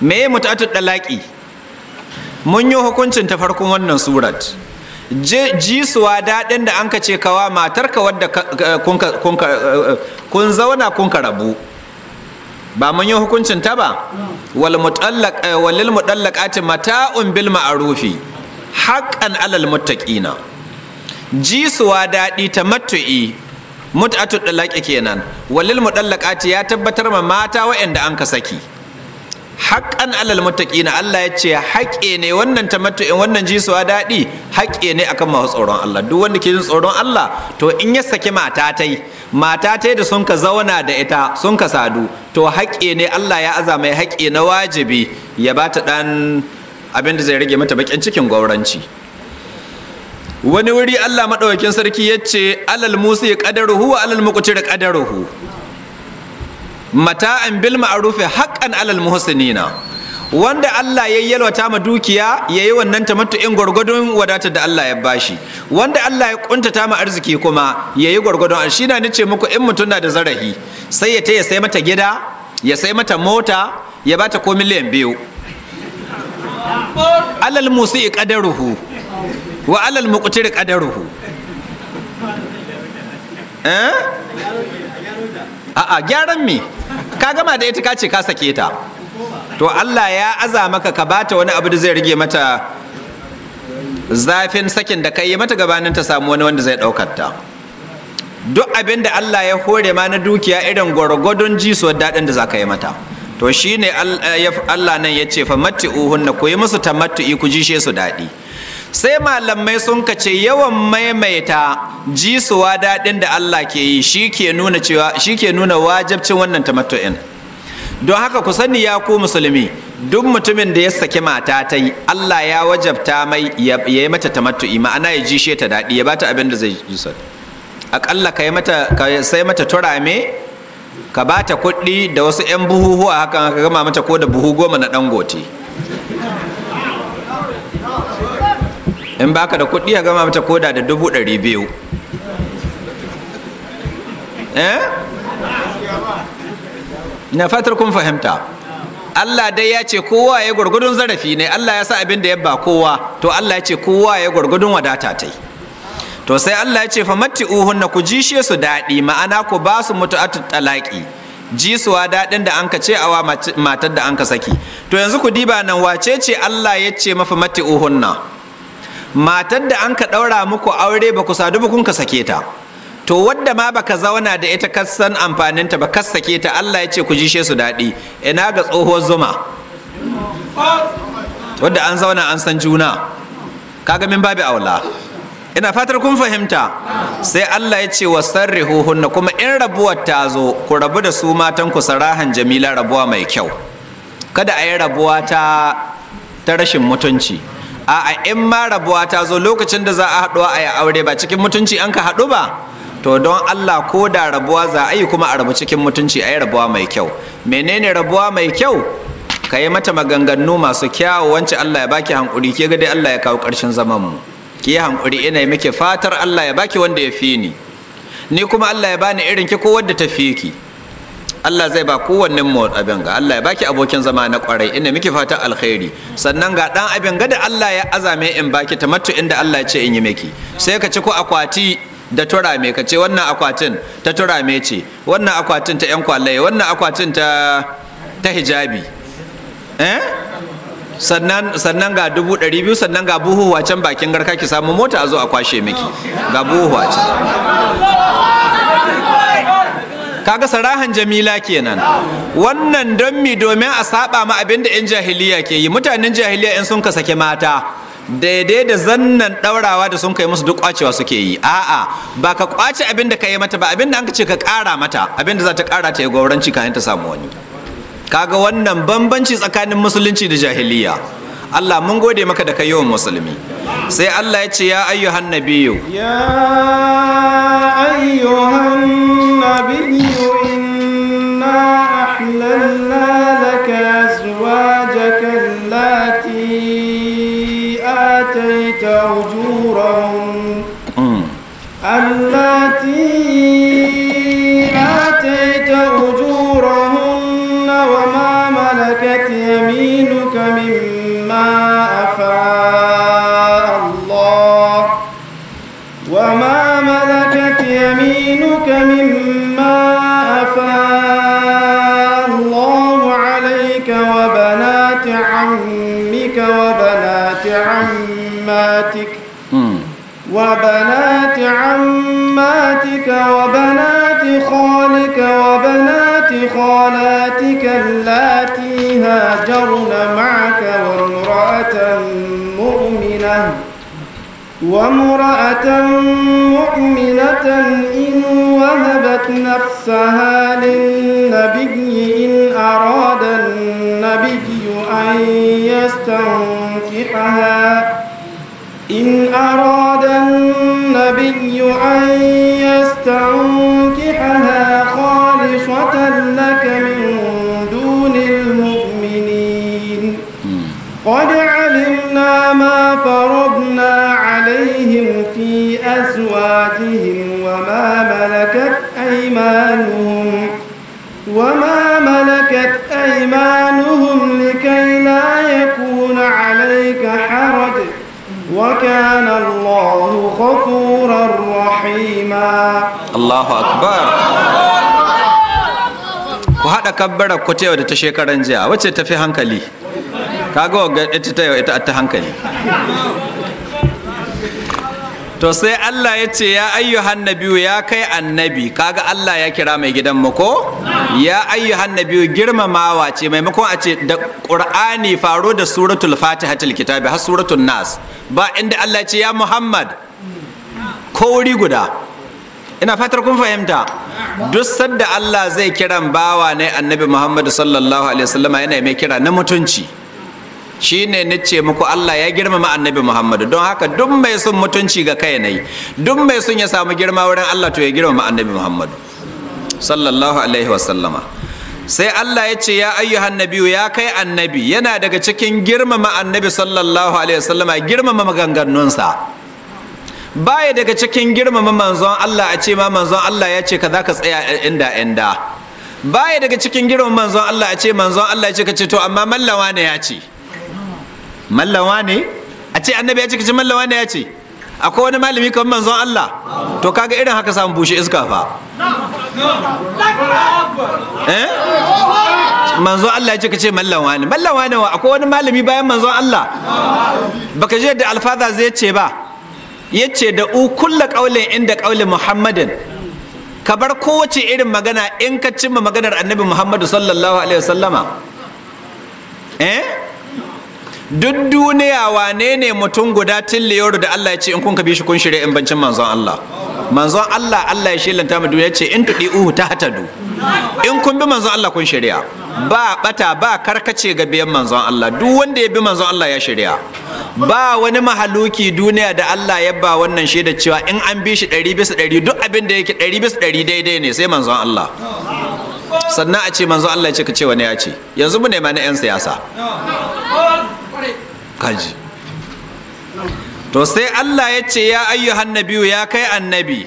me muta'atul dalaki mun yi hukuncin ta farkon wannan surat jisuwa daɗin da an ka ce kawa matarka wadda eh, eh, kun zauna kun ka rabu ba mun yi hukuncin ta ba walil eh, mutallaqati mata'un bil ma'arufi Haƙƙan alal muttaqina jisuwa daɗi ta matu'i mut'atu dalaqi kenan walil mutallaqati ya tabbatar ma mata waɗanda an ka saki haƙƙan alal na Allah ya ce haƙe ne wannan tamattu'in wannan jisuwa daɗi haƙe ne akan masu tsoron Allah duk wanda ke jin tsoron Allah to in ya saki mata tai mata da sun ka zauna da ita sun ka sadu to haƙe ne Allah ya aza mai haƙe na wajibi ya ba ta ɗan abin da zai rage mata baƙin cikin gwauranci wani wuri Allah maɗaukakin sarki ya ce alal musu ya ƙadaruhu alal muƙuci da ƙadaruhu mata'an bil rufe haqqan alal muhsinina wanda Allah ya yalwata ma dukiya ya yi wannan in gwargwadon wadatar da Allah ya bashi wanda Allah ya kuntata ma arziki kuma ya yi gwargwadon shi na nace muku in mutum na da zarahi sai ya ta sai mata gida ya sai mata mota ya bata ko miliyan biyu alal musi qadaruhu wa alal muqtir qadaruhu eh a'a gyaran me ka gama da ita ka ce ka sake ta to Allah ya aza maka ka bata wani abu da zai rige mata zafin sakin da kai yi mata gabanin ta samu wani wanda zai daukar ta duk abin da Allah ya hore ma na dukiya irin gwargwadon jisuwar daɗin da za ka yi mata to shine Allah nan ya ce fa matti'uhunna ku yi musu tamattu'i ku jishe su daɗi sai malamai sun kace yawan maimaita jisuwa daɗin da Allah ke yi shi ke nuna wajabcin wannan tamattu'in don haka ku sani ya ku musulmi duk mutumin da ya saki mata ta yi Allah ya wajabta mai ya yi mata tamattu'i ma'ana ya jishe ta daɗi ya bata abin da zai ji sa aƙalla ka ka sai mata turame ka ba ta kuɗi da wasu 'yan buhuhuwa hakan ka gama mata ko da buhu goma na ɗan goti in ba ka da kuɗi a gama mata koda da dubu ɗari biyu eh na fatar kun fahimta Allah dai ya ce kowa ya gwargwadon zarafi ne Allah ya sa abin da ya ba kowa to Allah ya ce kowa ya gwargwadon wadata ta yi. to sai Allah ya ce fa uhunna ku ji shi su daɗi ma'ana ku ba su talaƙi, ji jisuwa daɗin da an ka ce awa matar da an ka saki to yanzu ku diba nan wace ce Allah ya ce mafa uhunna. matar da an ka ɗaura muku aure ba ku sadu ba kun ka sake ta to wadda ma baka zauna da ita kasan amfaninta ba ka sake ta Allah ya ce ku jishe su daɗi ina ga tsohuwar zuma wadda an zauna an san juna kaga min babu aula ina fatar kun fahimta sai Allah ya ce wa sarrihuhunna kuma in rabuwar ta zo ku rabu da su matan ku sarahan jamila rabuwa mai kyau kada a yi rabuwa ta ta rashin mutunci a'a in ma rabuwa ta zo lokacin da za a haɗuwa a yi aure ba cikin mutunci an ka haɗu ba to don Allah ko da rabuwa za a yi kuma a rabu cikin mutunci a yi rabuwa mai kyau menene rabuwa mai kyau ka yi mata maganganu masu kyawu wance Allah ya baki hankuri ke ga dai Allah ya kawo ƙarshen zaman mu ke yi hankuri ina yi muke fatar Allah ya baki wanda ya fi ni ni kuma Allah ya bani irin ki ko wadda ta fi ki Allah zai ba kowannen mu abin ga Allah ya baki abokin zama na kwarai inda muke fatan alkhairi sannan ga dan abin ga da Allah ya azame in baki tamattu inda Allah ya ce in yi miki sai ka ci ko akwati da tura me ka ce wannan akwatin ta tura me ce wannan akwatin ta yan kwallaye wannan akwatin ta ta hijabi eh sannan sannan ga dubu ɗari biyu sannan ga buhu wacan bakin garka ki samu mota a zo a kwashe miki ga buhu wacan kaga sarahan jamila kenan wannan don mi domin a saba ma abin da yan jahiliya ke yi mutanen jahiliya in sun ka sake mata daidai da zannan daurawa da sun kai musu duk kwacewa suke yi a'a ba ka kwace abin da ka yi mata ba abin da an ce ka kara mata abin da za ta kara ta yi gwauranci kayan ta samu wani kaga wannan bambanci tsakanin musulunci da jahiliya Allah mun gode maka da kai yawan musulmi sai Allah ya ce ya ayyuhan nabiyyu ya ayyuhan nabiyyu أحللنا لك أزواجك التي آتيت أجورهن ألا وبنات عماتك وبنات خالك وبنات خالاتك اللاتي هاجرن معك وامرأة مؤمنة وامرأة مؤمنة إن وهبت نفسها للنبي إن أراد النبي أن يستنكحها إن أراد النبي أن يستنكحها خالصة لك من دون المؤمنين قد علمنا ما فرضنا عليهم في أزواجهم وما ملكت أيمانهم وما ملكت أيمانهم لكي لا يكون عليك حرج وكان الله غفورا رحيما الله أكبر ku haɗa kabbarar ku ta yau da ta shekaran jiya Wace ta fi hankali kaga wa ita ta yau ita ta hankali to sai Allah ya ce ya ayyuhan nabiyu ya kai annabi kaga Allah ya kira mai gidan mu ko ya ayyuhan nabiyu girmamawa ce maimakon a ce da Qur'ani faro da suratul Fatiha til kitabi har suratul Nas ba inda Allah ya ce ya Muhammad ko wuri guda ina fatar kun fahimta duk sadda Allah zai kira bawa ne annabi Muhammadu sallallahu alaihi wasallama yana mai kira na mutunci shine na ce muku Allah ya girmama annabi Muhammadu don haka duk mai son mutunci ga kai ne duk mai son ya samu girma wurin Allah to ya girmama annabi Muhammadu sallallahu alaihi wasallama sai Allah ya ce ya ayyuhan nabiyu ya kai annabi yana daga cikin girmama annabi sallallahu alaihi wasallama girmama maganganunsa baya daga cikin girmama manzon Allah a ce ma manzon Allah ya ce ka za ka tsaya inda inda baya daga cikin girmama manzon Allah a ce manzon Allah ya ce ka ce to amma mallawa ne ya ce mallawa ne a ce annabi ya ce ka ce mallawa ne ya ce akwai wani malami kamar manzon Allah to kaga irin haka samu bushe iska fa eh? manzon Allah ya ce ka ce mallawa ne mallawa ne akwai wani malami bayan manzon Allah baka je da alfaza zai ce ba yace da u kulla ƙaulin inda ƙaulin muhammadin ka bar kowace irin magana in ka cimma maganar annabi muhammadu sallallahu alaihi wasallama eh duk duniya wane ne mutum guda tilliyoro da Allah ya ce in kun ka bi shi kun shirya in bancin manzon Allah manzon Allah Allah ya shillanta mu duniya ce in tudi uhu ta hatadu in kun bi manzon Allah kun shirya ba bata ba karkace ga biyan manzon Allah duk wanda ya bi manzon Allah ya shirya ba wani mahaluki duniya da Allah ya ba wannan shaida cewa in an bi shi ɗari bisa ɗari duk abin da yake ɗari bisa ɗari daidai ne sai manzon Allah sannan a ce manzon Allah ya ce ka ce wani ya ce yanzu mu nema na 'yan siyasa kaji to sai Allah ya ce ya ayyuhan nabiyu ya kai annabi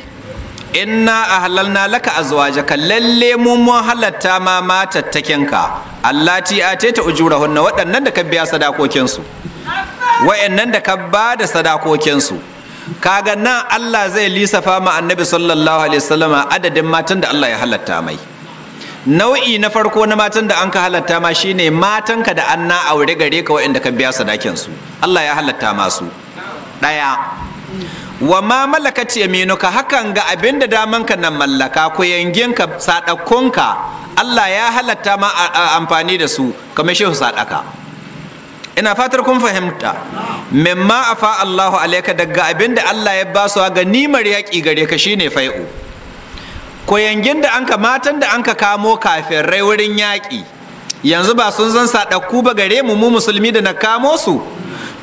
inna ahlalna laka azwajaka lalle mu mun halatta ma matattakinka allati ateta ujurahunna waɗannan da ka biya sadakokinsu waɗannan da ka ba da sadakokinsu kaga nan Allah zai lisafa ma annabi sallallahu alaihi wasallam adadin matan da Allah ya halatta mai nau'i na farko na matan da an ka halatta ma shine matanka da an na aure gare ka waɗanda ka biya sadakin Allah ya halatta masu ɗaya wa ma malakat ka hakan ga abin da ka na mallaka ka yanginka ka Allah ya halatta ma amfani da su kamar shehu sadaka ina fatar kun fahimta mimma afa Allahu alaika daga abin da Allah ya ba su ga nimar yaƙi gare ka shine fai'u Ko yangin da anka matan da anka kamo kafin rai wurin yaƙi yanzu ba sun zan sadakku ba gare mu mu musulmi da na kamo su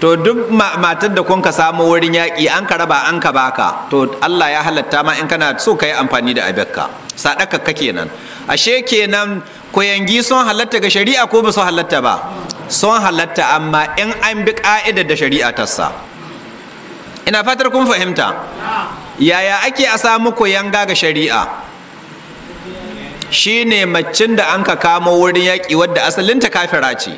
to duk matar da kun ka samu wurin yaƙi an ka raba an ka baka to Allah ya halatta ma in kana so ka yi amfani da abekka sadaka kenan ashe kenan koyangi sun halatta ga shari'a ko ba su halatta ba sun halatta amma in an bi ka'ida da shari'a ta ina fatar kun fahimta yaya ake a samu koyanga ga shari'a shine macin da an ka kamo wurin yaƙi wadda asalinta kafira ce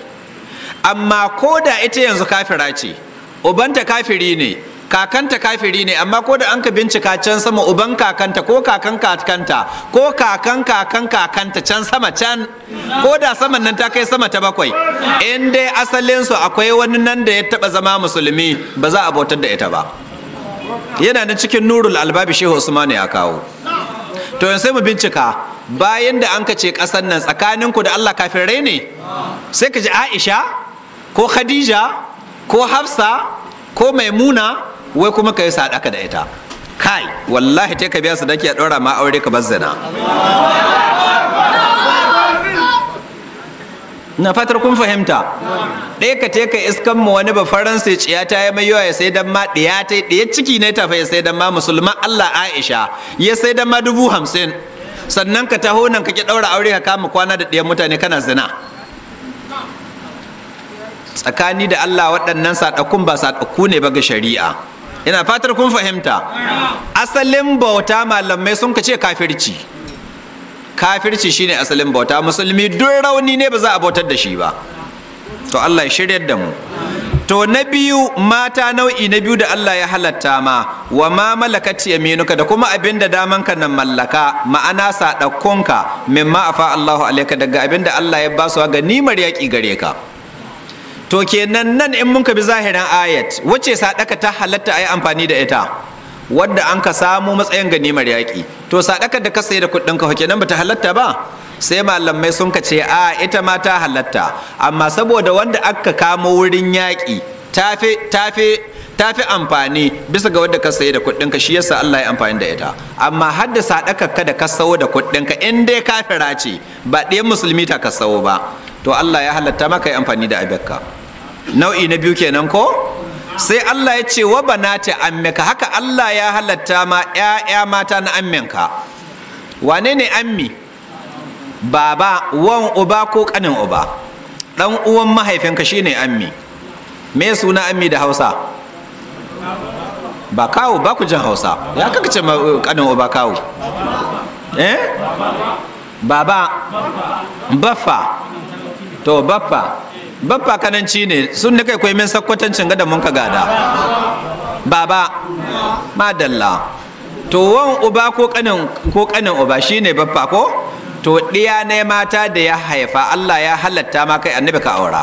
amma ko da ita yanzu kafira ce ubanta kafiri ne kakanta kafiri ne amma ko da an ka bincika can sama uban kakanta ko kakan kakanta ko kakan kakan kakanta can sama can ko da saman nan ta kai sama ta bakwai in dai asalinsu akwai wani nan da ya taba zama musulmi ba za a bautar da ita ba yana na cikin nurul albabi shehu usman ya kawo to yanzu sai mu bincika bayan da an ka ce kasan nan tsakaninku da Allah kafirai ne sai ka ji Aisha ko khadija ko hafsa ko maimuna wai kuma ka yi sadaka da ita kai wallahi ta ka biya sadaki a ɗora ma aure ka bazzana na fatar kun fahimta ɗaya ka te ka iskan mu wani ba faransa ciya ta ya mai yawa ya sai dan ma ɗaya ta ɗaya ciki ne ta fa ya sai dan ma musulman Allah Aisha ya sai dan ma dubu hamsin sannan ka taho nan ka ki ɗaura aure ka kama kwana da ɗayan mutane kana zina tsakani da Allah waɗannan saɗakun ba saɗakku ne ba ga shari'a ina fatar kun fahimta asalin bauta malamai sun ka ce kafirci kafirci shine asalin bauta musulmi duk rauni ne ba za a bautar da shi ba to Allah ya shiryar da mu to na biyu mata nau'i na biyu da Allah ya halatta ma wa ma malakat yaminuka da kuma abin da ka na mallaka ma'ana sadakunka mimma afa Allahu alayka daga abin da Allah ya basu ga nimar yaki gare ka to kenan nan in mun bi zahirin ayat wacce sadaka ta halatta a yi amfani da ita wadda an ka samu matsayin ganimar yaƙi to sadaka da ka sayi da kuɗin ka kenan ba ta halatta ba sai malamai sun ka ce a ita ma ta halatta amma saboda wanda aka kamo wurin yaƙi tafi tafi ta amfani bisa ga wadda ka sayi da kuɗinka shi yasa Allah ya amfani da ita amma haddasa ka da ka sayo da ka in dai kafira ce ba ɗaya musulmi ta ka sayo ba to Allah ya halatta maka yi amfani da abekka nau'i na biyu kenan ko sai Allah ya ce wa banati ammeka haka Allah ya halatta ma ƴaƴa mata na amminka wane ne ammi baba wan uba ko kanin uba dan uwan mahaifinka shine ammi me suna ammi da Hausa ba kawo ba ku jin Hausa ya kaka ce kanin eh, uba kawo eh baba baffa to bappa bappa kananci ne sun ne kai min sakkwatancin gada mun ka gada baba madalla to wan uba ko kanin ko kanin uba shine bappa ko to diya ne mata da ya haifa Allah ya halatta ma kai annabi ka aura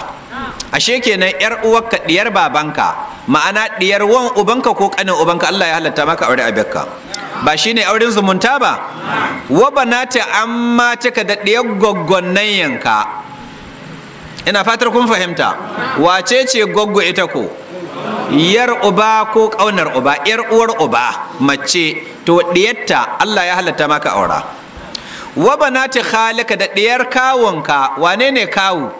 ashe kenan yar uwarka diyar babanka ma'ana diyar wan ubanka ko kanin ubanka Allah ya halatta maka aure abekka ba shine auren zumunta ba wa banata amma taka da diyar nan yanka ina fatar kun fahimta wace ce goggo ita ko yar uba ko ƙaunar uba yar uwar uba mace to ɗiyatta Allah ya halatta maka aura wa banati khalika da ɗiyar kawunka wane ne kawu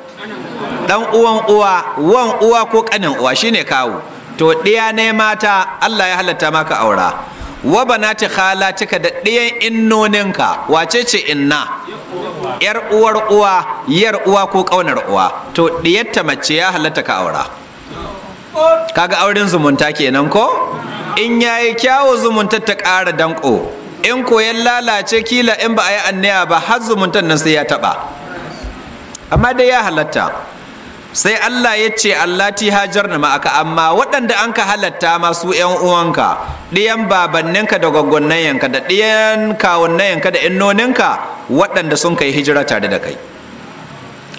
dan uwan uwa wan uwa ko kanin uwa shine kawu to ɗiya ne mata Allah ya halatta maka aura wa banati khalatika da ɗiyan innoninka wace ce inna yar uwar uwa yar uwa ko ƙaunar uwa to ɗiyatta mace ya halatta ka aura kaga auren zumunta kenan ko in yayi kyawo zumunta ta ƙara danko in koyan lalace kila in ba a yi annaya ba har zumuntan nan sai ya taɓa amma dai ya halatta sai Allah ya ce Allah ti hajar na ma'aka amma waɗanda an ka halatta masu ‘yan uwanka ɗiyan babanninka da yanka, da ɗiyan yanka da innoninka waɗanda sun kai hijira tare da kai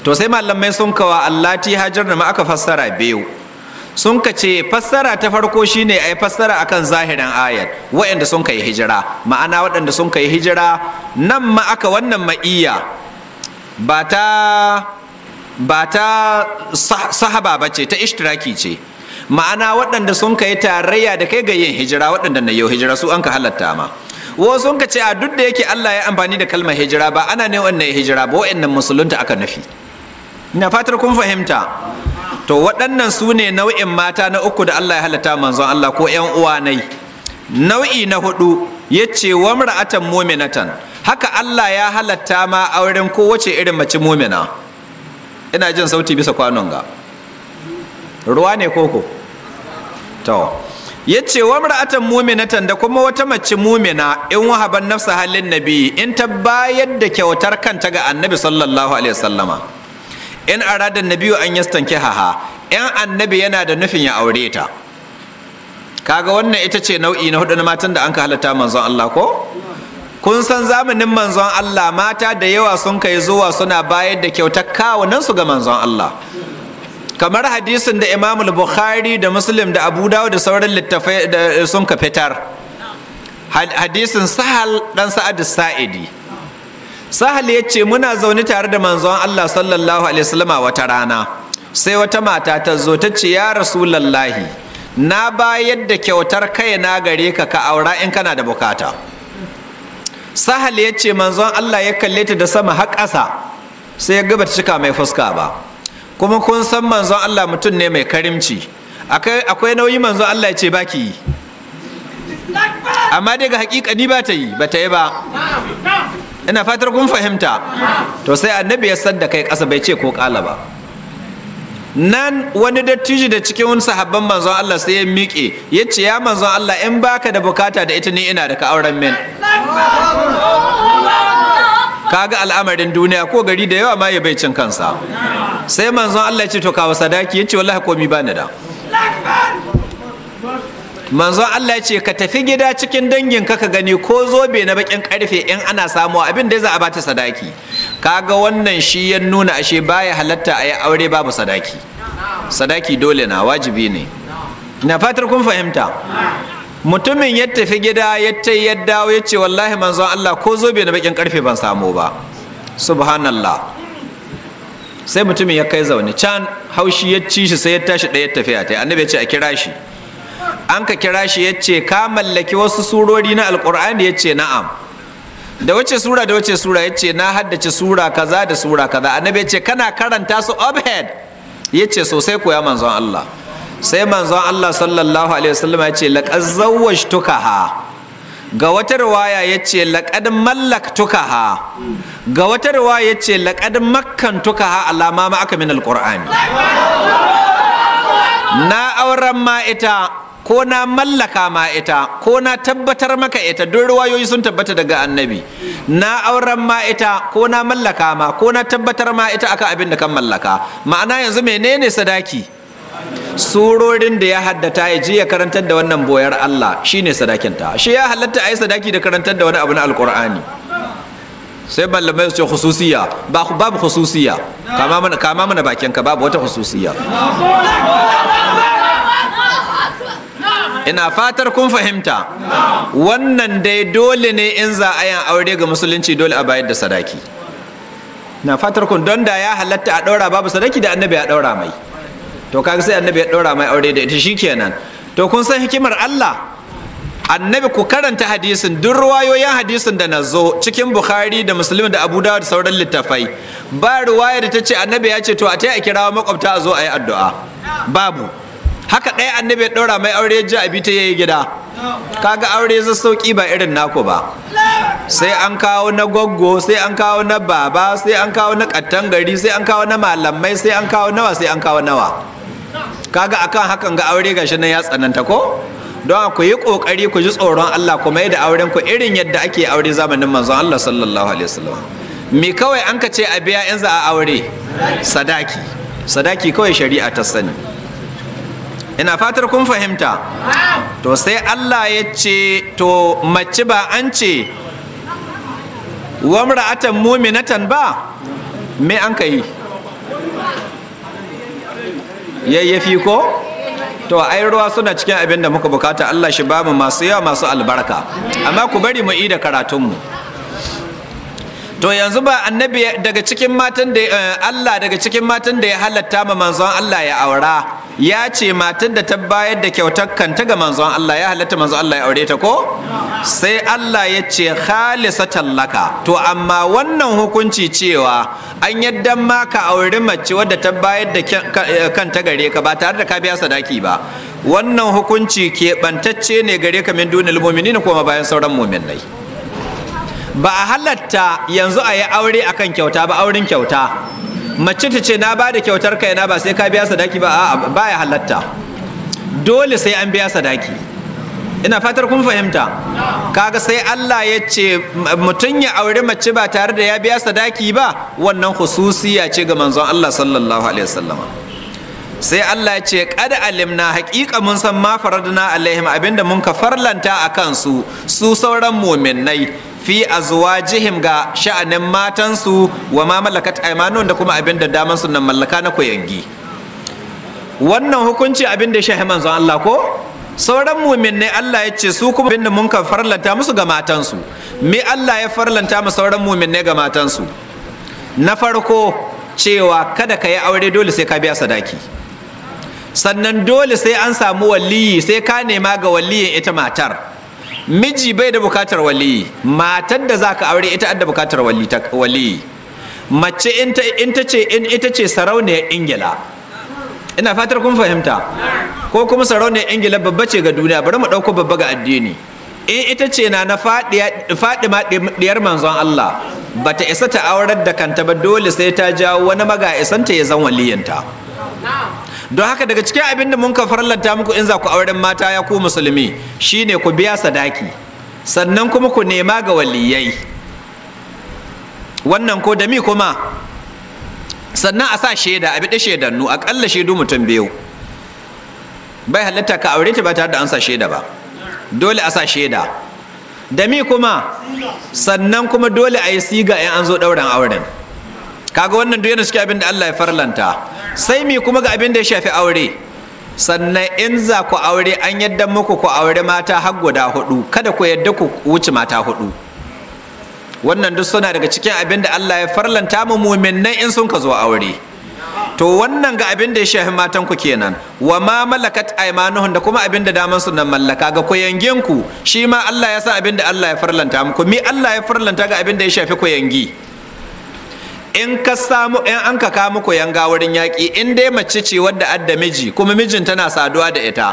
to sai malamai sun kawa ti hajar na ma'aka fassara biyu sun ka ce fassara ta farko shine ai fassara akan zahirin ayat waɗanda sun kai hijira ma'ana waɗanda sun kai hijira nan ma'aka wannan ma'iya ba ta ba ta sahaba ba ce ta ishtiraki ce ma'ana waɗanda sun yi tarayya da kai ga yin hijira waɗanda na yau hijira su an ka halatta ma wasu sun ka ce a duk da yake Allah ya amfani da kalmar hijira ba ana ne wannan hijira ba wa'annan musulunta aka nafi. ina fatar kun fahimta to waɗannan su ne nau'in mata na uku da Allah ya halatta manzon Allah ko ƴan uwa nai nau'i na hudu yace wa mar'atan mu'minatan haka Allah ya halatta ma auren kowace irin mace mu'mina ina jin sauti bisa kwanon ga ruwa ne koko to ya ce wa mura'atan muminatan da kuma wata mace mumina in wahaban nafsa halin nabi in ta bayar da kyautar kanta ga annabi sallallahu alaihi wasallama in arada nabiyu an yastanki haha in annabi yana da nufin ya aure ta kaga wannan ita ce nau'i na hudu na matan da an ka halatta manzon Allah ko kun san zamanin manzon Allah mata da yawa sun kai zuwa suna bayar da kyautar kawunan su ga manzon Allah kamar hadisin da Imam Bukhari da Muslim da Abu Dawud da sauran littafai da sun ka fitar hadisin Sahal dan Sa'ad Sa'idi Sahal ya ce muna zaune tare da manzon Allah sallallahu alaihi wasallama wata rana sai wata mata ta zo ta ce ya Rasulullahi na bayar da kyautar kai na gare ka ka aura in kana da bukata sahal ya ce manzon Allah ya kalle ta da sama har ƙasa sai ya gaba cika mai fuska ba kuma kun san manzon Allah mutum ne mai karimci akwai nauyi manzon Allah ya ce baki yi amma daga hakika ni ba ta yi ba ta yi ba ina fatar kun fahimta to sai annabi ya sadda kai ƙasa bai ce ko ƙala ba nan wani dattijo da cikin sahabban manzon Allah sai ya miƙe ya ce ya manzon Allah in baka da bukata da ita ne ina da ka auren min kaga al'amarin duniya ko gari da yawa ma ya bai cin kansa sai manzon Allah ya ce to kawo sadaki ya ce wallahi komi bani da manzon Allah ya ce ka tafi gida cikin dangin ka ka gani ko zobe na bakin karfe in ana samu abin da za a bata sadaki kaga wannan shi ya nuna ashe baya halatta a yi aure babu sadaki sadaki dole na wajibi ne na fatar kun fahimta mutumin ya tafi gida ya ta ya dawo ya ce wallahi manzon Allah ko zobe na bakin karfe ban samu ba subhanallah sai mutumin ya kai zaune can haushi ya ci shi sai ya tashi ɗaya tafiya ta annabi ya ce a kira shi an ka kira shi ya ce ka mallaki wasu surori na alkur'ani ya ce na'am da wace sura da wace sura ya ce na haddace sura kaza da sura kaza annabi ya ce kana karanta su obhead ya ce sosai koya manzon Allah sai manzon Allah sallallahu alaihi wasallam ya ce laqad zawwajtukaha ga wata riwaya ya ce laƙad mallaktukaha ga wata riwaya ya ce laƙad makkantukaha alama ma aka min alƙur'ani na auren ma ita ko na mallaka ma ita ko na tabbatar maka ita don ruwayoyi sun tabbata daga annabi na auren ma ita ko na mallaka ma ko na tabbatar ma ita akan abin da kan mallaka ma'ana yanzu menene sadaki surorin da ya haddata ya je ya karantar da wannan boyar Allah shine ta. shi ya halatta a sadaki da karantar da wani abu na alkur'ani sai malamai su ce hususiya babu hususiya kama mana bakinka babu wata hususiya ina fatar kun fahimta wannan dai dole ne in za a yin aure ga musulunci dole a bayar da sadaki na fatar kun don da ya halatta a ɗaura babu sadaki da annabi ya ɗaura mai to kaga sai annabi ya ɗaura mai aure da ita shi kenan. to kun san hikimar Allah annabi ku karanta hadisin duk ruwayoyin hadisin da na zo cikin bukhari da Musulmi da abu dawud da sauran littafai ba ruwaya da ta ce annabi ya ce to a ta a kirawo makwabta a zo a yi addu'a babu haka ɗaya annabi ya ɗora mai aure ji a bita yi gida kaga aure zai sauki ba irin naku ba sai an kawo na goggo sai an kawo na baba sai an kawo na kattan gari sai an kawo na malamai sai an kawo nawa sai an kawo nawa kaga akan hakan ga aure gashi nan ya tsananta ko don ku yi kokari ku ji tsoron Allah ku mai da auren ku irin yadda ake aure zamanin manzon Allah sallallahu alaihi wasallam me kawai an ka ce a biya in za a aure sadaki sadaki kawai shari'a ta sani ina fatar kun fahimta to sai Allah ya ce to mace ba an ce wa mar'atan mu'minatan ba me an ka yi yayyafi ko to ai ruwa suna cikin abin da muka bukata Allah shi ba mu masu yawa masu albarka amma ku bari mu yi da karatunmu to yanzu ba annabi daga cikin matan da eh, Allah daga cikin matan da ya halatta ma manzon Allah ya aura ya ce matar da ta bayar da kyautar kanta ga manzon Allah ya halatta manzon Allah ya aure ta ko sai Allah ya ce khalisa tallaka to amma wannan hukunci cewa an yadda ma ka auri mace wadda ta bayar da eh, kanta gare ka ba tare da ka biya sadaki ba wannan hukunci keɓantacce ne gare ka min dunul mu'minin kuma bayan sauran mu'minai ba a halatta yanzu a yi aure akan kyauta ba auren kyauta mace ta ce na ba da kyautar kaina ba sai ka biya sadaki ba a baya halatta dole sai an biya sadaki ina fatar kun fahimta kaga sai Allah ya ce mutum ya aure mace ba tare da ya biya sadaki ba wannan hususiya ce ga manzon Allah sallallahu alaihi wasallam sai Allah ya ce kad alimna haqiqa mun san ma faradna alaihim abinda mun ka farlanta akan su su sauran mu'minnai fi azuwa jihim ga sha'anin matansu wa ma malakat aymanun da kuma abin da daman su nan mallaka na koyangi wannan hukunci abin da shahi manzo Allah ko sauran mu'min ne Allah ya ce su kuma abin mun ka farlanta musu ga matansu me Allah ya farlanta mu sauran mu'min ne ga matansu na farko cewa kada ka yi aure dole sai ka biya sadaki sannan dole sai an samu waliyi sai ka nema ga waliyin ita matar miji bai da bukatar waliyi matar da za ka aure ita adda bukatar waliyi mace in ita ce sarauniyar ingila ina fatar kun fahimta ko kuma sarauniyar ingila babba ce ga duniya bari mu ɗauko babba ga addini in ita ce na na fadima ɗiyar manzon Allah bata isa ta aurar da kanta ba dole sai ta jawo wani maga isanta ya zan waliyanta don haka daga cikin abin da mun ka farlanta muku in za ku auren mata ya ku musulmi shine ku biya sadaki sannan kuma ku nema ga waliyai wannan ko da mi kuma sannan a sa shaida a biɗi shaidannu aƙalla shaidu mutum biyu bai halatta ka aure ta ba tare da an sa shaida ba dole a sa shaida da mi kuma sannan kuma dole a yi siga in an zo ɗauran auren kaga wannan duk yana cikin abin da Allah ya farlanta sai mi kuma ga abin da ya shafi aure sannan in za ku aure an yadda muku ku aure mata har guda hudu kada ku yadda ku wuce mata hudu wannan duk suna daga cikin abin da Allah ya farlanta mu mu'minnai in sun ka zo aure to wannan ga abin da ya shafi matan ku kenan wa ma malakat aymanuhun da kuma abin da daman su nan mallaka ga koyangin ku shi ma Allah ya sa abin da Allah ya farlanta muku mi Allah ya farlanta ga abin da ya shafi koyangi in ka samu in an ka kawo muku yanga wurin yaƙi in dai mace ce wadda adda miji kuma mijin tana saduwa da ita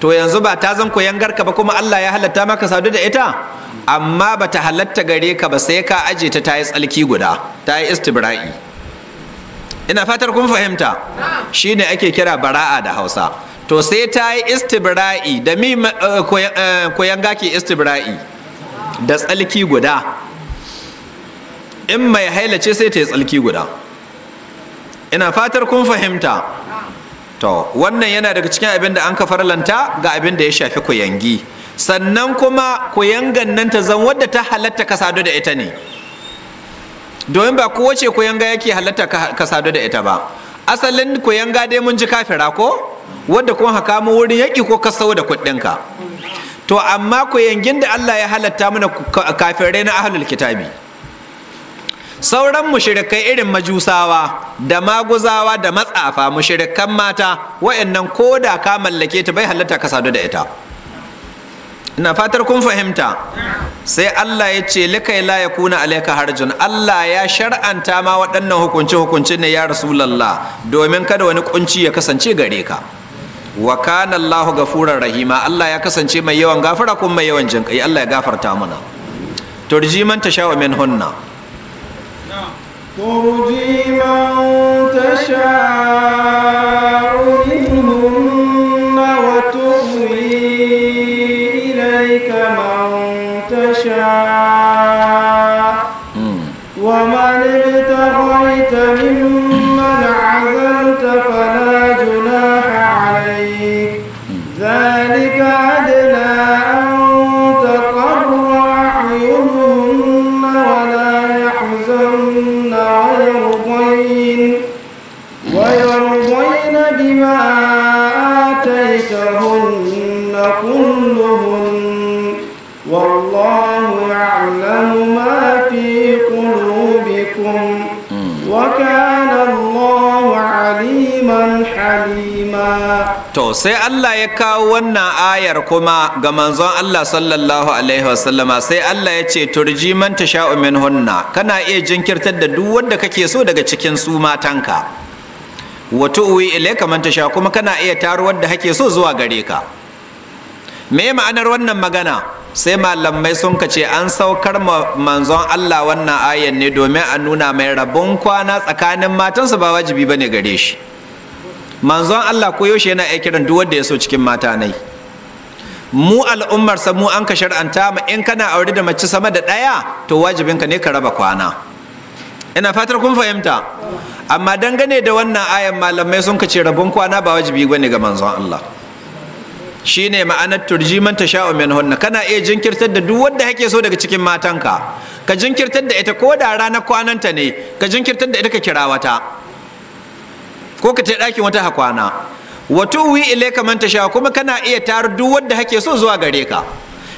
to yanzu ba ta zan ku ka ba kuma Allah ya halatta maka sadu da ita amma ba ta halatta gare ka ba sai ka aje ta ta yi tsalki guda ta yi istibra'i ina fatar kun fahimta shine ake kira bara'a da hausa to sai ta yi istibra'i da mi eh, koyanga eh, ke istibra'i da tsalki guda in mai hailace sai ta yi tsalki guda ina fatar kun fahimta to wannan yana daga cikin abin da an ka farlanta ga abin da ya shafi kuyangi sannan kuma kuyangan nan ta zan wadda ta halatta ka sadu da ita ne domin ba kowace kuyanga yake halatta ka sadu da ita ba asalin kuyanga dai mun ji kafira ko wadda kuma haka mu wurin yaƙi ko ka sau da kuɗinka to amma kuyangin da Allah ya halatta mana kafirai na ahlul kitabi sauran mushirikai irin majusawa da maguzawa da matsafa mushirikan mata wa'annan ko da ka mallake ta bai halatta ka sadu da ita ina fatar kun fahimta sai Allah ya ce likai la yakuna kuna alaika harjun Allah ya shar'anta ma waɗannan hukunci hukunci ne ya rasulullah domin kada wani kunci ya kasance gare ka wa kana Allahu gafurar rahima Allah ya kasance mai yawan gafara kuma mai yawan jinkai Allah ya gafarta mana turjiman tashawamin hunna ترجي من تشاء منهن وتغوي إليك من تشاء sai Allah ya kawo wannan ayar kuma ga manzon Allah sallallahu alaihi wasallama sai Allah ya ce turji man tasha'u hunna kana iya jinkirtar da duk wanda kake so daga cikin su matanka wa tu'wi ilayka man tasha kuma kana iya taruwar da kake so zuwa gare ka me ma'anar wannan magana sai malamai sun ka ce an saukar ma manzon Allah wannan ayar ne domin a nuna mai rabon kwana tsakanin matansa ba wajibi bane gare shi manzon Allah ko yaushe yana iya kiran duk wanda ya so cikin mata nai mu al'ummar sa mu an ka shar'anta ma in kana aure da mace sama da ɗaya to wajibinka ne ka raba kwana ina fatar kun fahimta amma dangane da wannan ayan malamai sun kace rabon kwana ba wajibi bane ga manzon Allah shine ma'anar turjiman ta sha'u min hunna kana iya jinkirtar da duk wanda kake so daga cikin matanka ka jinkirtar da ita ko da ranar kwananta ne ka jinkirtar da ita ka kira wata ko ka tai ɗakin wata hakwana wato wi kamar ta sha kuma kana iya taro duk wanda hake so zuwa gare ka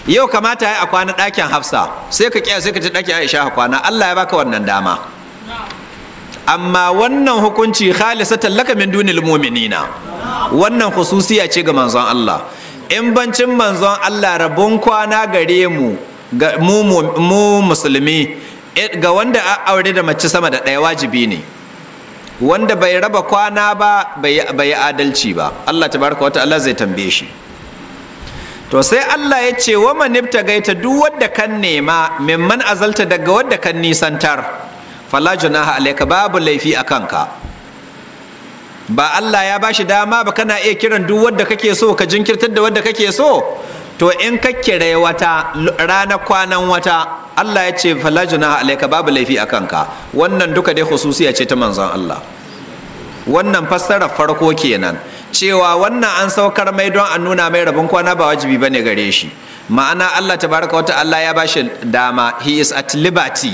yau kamata ya kwana ɗakin hafsa sai ka kiya sai ka ci ɗakin aisha hakwana. allah ya baka wannan dama amma wannan hukunci khalisatan laka min dunil mu'minina wannan khususiya ce ga manzon allah in bancin manzon allah rabon kwana gare mu mu musulmi eh, ga wanda a aure da mace sama da ɗaya wajibi ne wanda bai raba kwana ba bai adalci ba Allah tabaraka wa ta'ala zai tambaye shi to sai Allah ya ce wa manibta gaita duk wadda kan nema mimman azalta daga wadda kan nisantar fala junaha alayka babu laifi a ka. ba Allah ya bashi dama ba kana iya kiran duk wadda kake so ka jinkirtar da wadda kake so to in ka kire wata rana kwanan wata Allah ya ce fala alaika babu laifi a kanka wannan duka dai hususiya ce ta manzon Allah wannan fassara farko kenan cewa wannan an saukar mai don a nuna mai rabin kwana ba wajibi ba ne gare shi ma'ana Allah tabaraka wata Allah ya bashi dama he is at liberty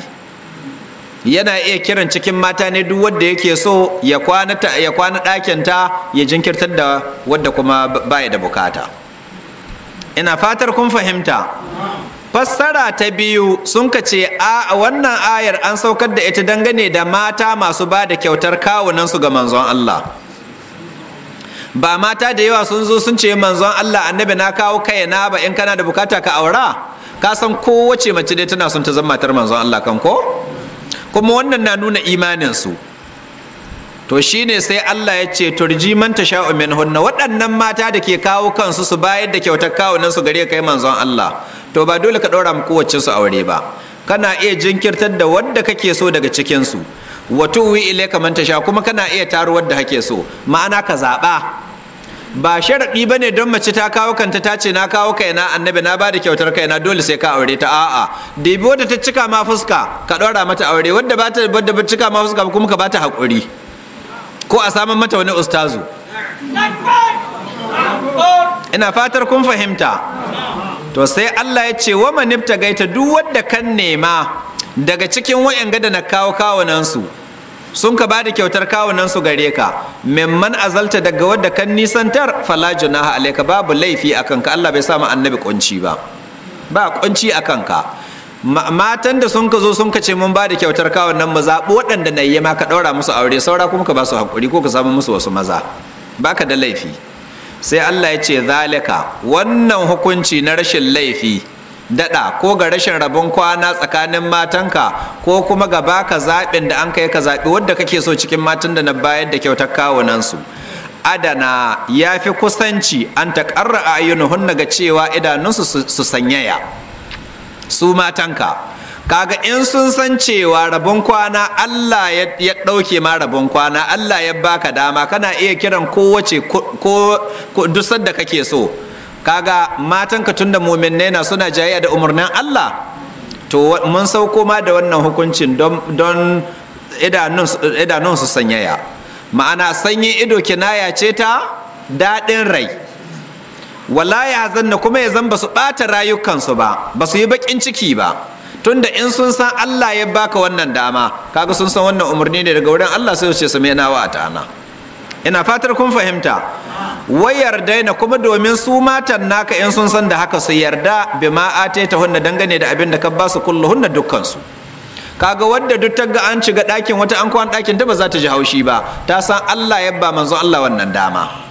yana iya kiran cikin mata ne duk wadda yake so ya kwana ɗakinta ya jinkirtar da wadda kuma baya da bukata ina fatar kun fahimta fassara ta biyu sun kace ce a wannan ayar an saukar da ita dangane da mata masu ba da kyautar kawunansu ga manzon Allah ba mata da yawa sun zo sun ce manzon Allah annabi na kawo kai na ba in kana da bukata ka aura ka san kowace mace dai tana son ta zama matar manzon Allah kan kuma wannan na nuna imanin su to shi ne sai Allah ya ce turji manta man min hunna waɗannan mata da ke kawo kansu su bayar da kyautar kawunan su gare kai manzon Allah to ba dole ka ɗora mu wacce su aure ba kana iya jinkirtar da wanda kake so daga cikin su wa tuwi ka man sha. kuma kana iya taro wanda kake so ma'ana ka zaba ba sharaɗi ba ne don mace ta kawo kanta ta ce na kawo kaina annabi na bada kyautar kyautar kaina dole sai ka aure ta a'a dibi wadda ta cika ma fuska ka ɗora mata aure wadda ba ta cika ma fuska kuma ka bata ta haƙuri ko a samun mata wani ustazu ina fatar kun fahimta to sai Allah ya ce wa manifta gaita duk wadda kan nema daga cikin wa'yanga da na kawo kawunansu sun ka ba da kyautar kawunansu gare ka memman azalta daga wadda kan nisantar fala junaha ka. babu laifi a kanka Allah bai sa annabi kunci ba ba kunci a kanka matan da sun ka zo sun ka ce mun ba da kyautar kawon nan maza waɗanda na yi ma ka ɗaura musu aure saura kuma ka ba su haƙuri ko ka samu musu wasu maza baka da laifi sai Allah ya ce zalika wannan hukunci na rashin laifi daɗa ko ga rashin rabon kwana tsakanin matanka ko kuma ga baka zaɓin da an kai ka zaɓi wadda kake so cikin matan da na bayar da kyautar kawunansu adana ya fi kusanci an taƙarra a ayyunuhun ga cewa idanunsu su sanyaya su matanka kaga in sun san cewa rabon kwana Allah ya ɗauke ma rabon kwana Allah ya baka dama kana iya kiran kowace ko dusar da kake so kaga matanka tun da muminai na suna jayayya da umarnin Allah to mun sauko ma da wannan hukuncin don idanun su sanyaya ma'ana sanyin ido kinaya ce ta daɗin rai wala ya zanna kuma ya zan ba ɓata rayukansu ba ba su yi baƙin ciki ba tunda in sun san Allah ya baka wannan dama kaga sun san wannan umarni ne daga wurin Allah sai su ce mai nawa a ta'ana ina fatar kun fahimta wayar daina kuma domin su matan naka in sun san da haka su yarda bi ma ta hunna dangane da abin da ka ba su kullu hunna dukkan kaga wadda duk ta ga an shiga ɗakin wata an kwan ɗakin ta ba za ta ji haushi ba ta san Allah ya ba manzo Allah wannan dama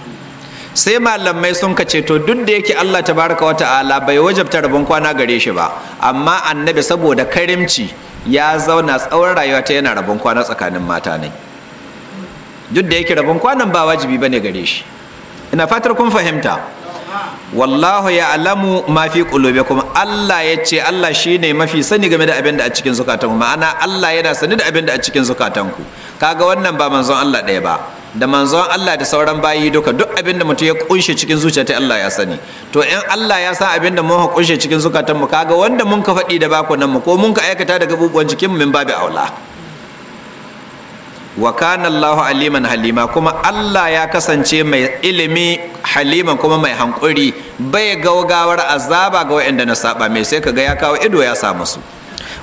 sai malamai sun ka ce to duk da yake Allah ta baraka wa ta'ala bai wajabta rabon kwana gare shi ba amma annabi saboda karimci ya zauna tsawon rayuwa ta yana rabon kwana tsakanin mata ne duk da yake rabon kwanan ba wajibi bane gare shi ina fatar kun fahimta wallahu ya alamu ma fi kuma Allah ya ce Allah shi ne mafi sani game da abin da a cikin zukatanku ma'ana Allah yana sani da abin da a cikin zukatanku kaga wannan ba manzon Allah ɗaya ba da manzon Allah da sauran bayi duka duk abinda mutum ya kunshe cikin zuciya ta Allah ya sani to in Allah ya san abinda mun ha kunshe cikin zukatan mu kaga wanda mun ka faɗi da bakunan mu ko mun ka aikata da bubuwan cikin mu min babu aula wa kana Allahu aliman halima kuma Allah ya kasance mai ilimi Halima kuma mai hankuri bai gaugawar azaba ga wanda na saba mai sai kaga ya kawo ido ya samu su.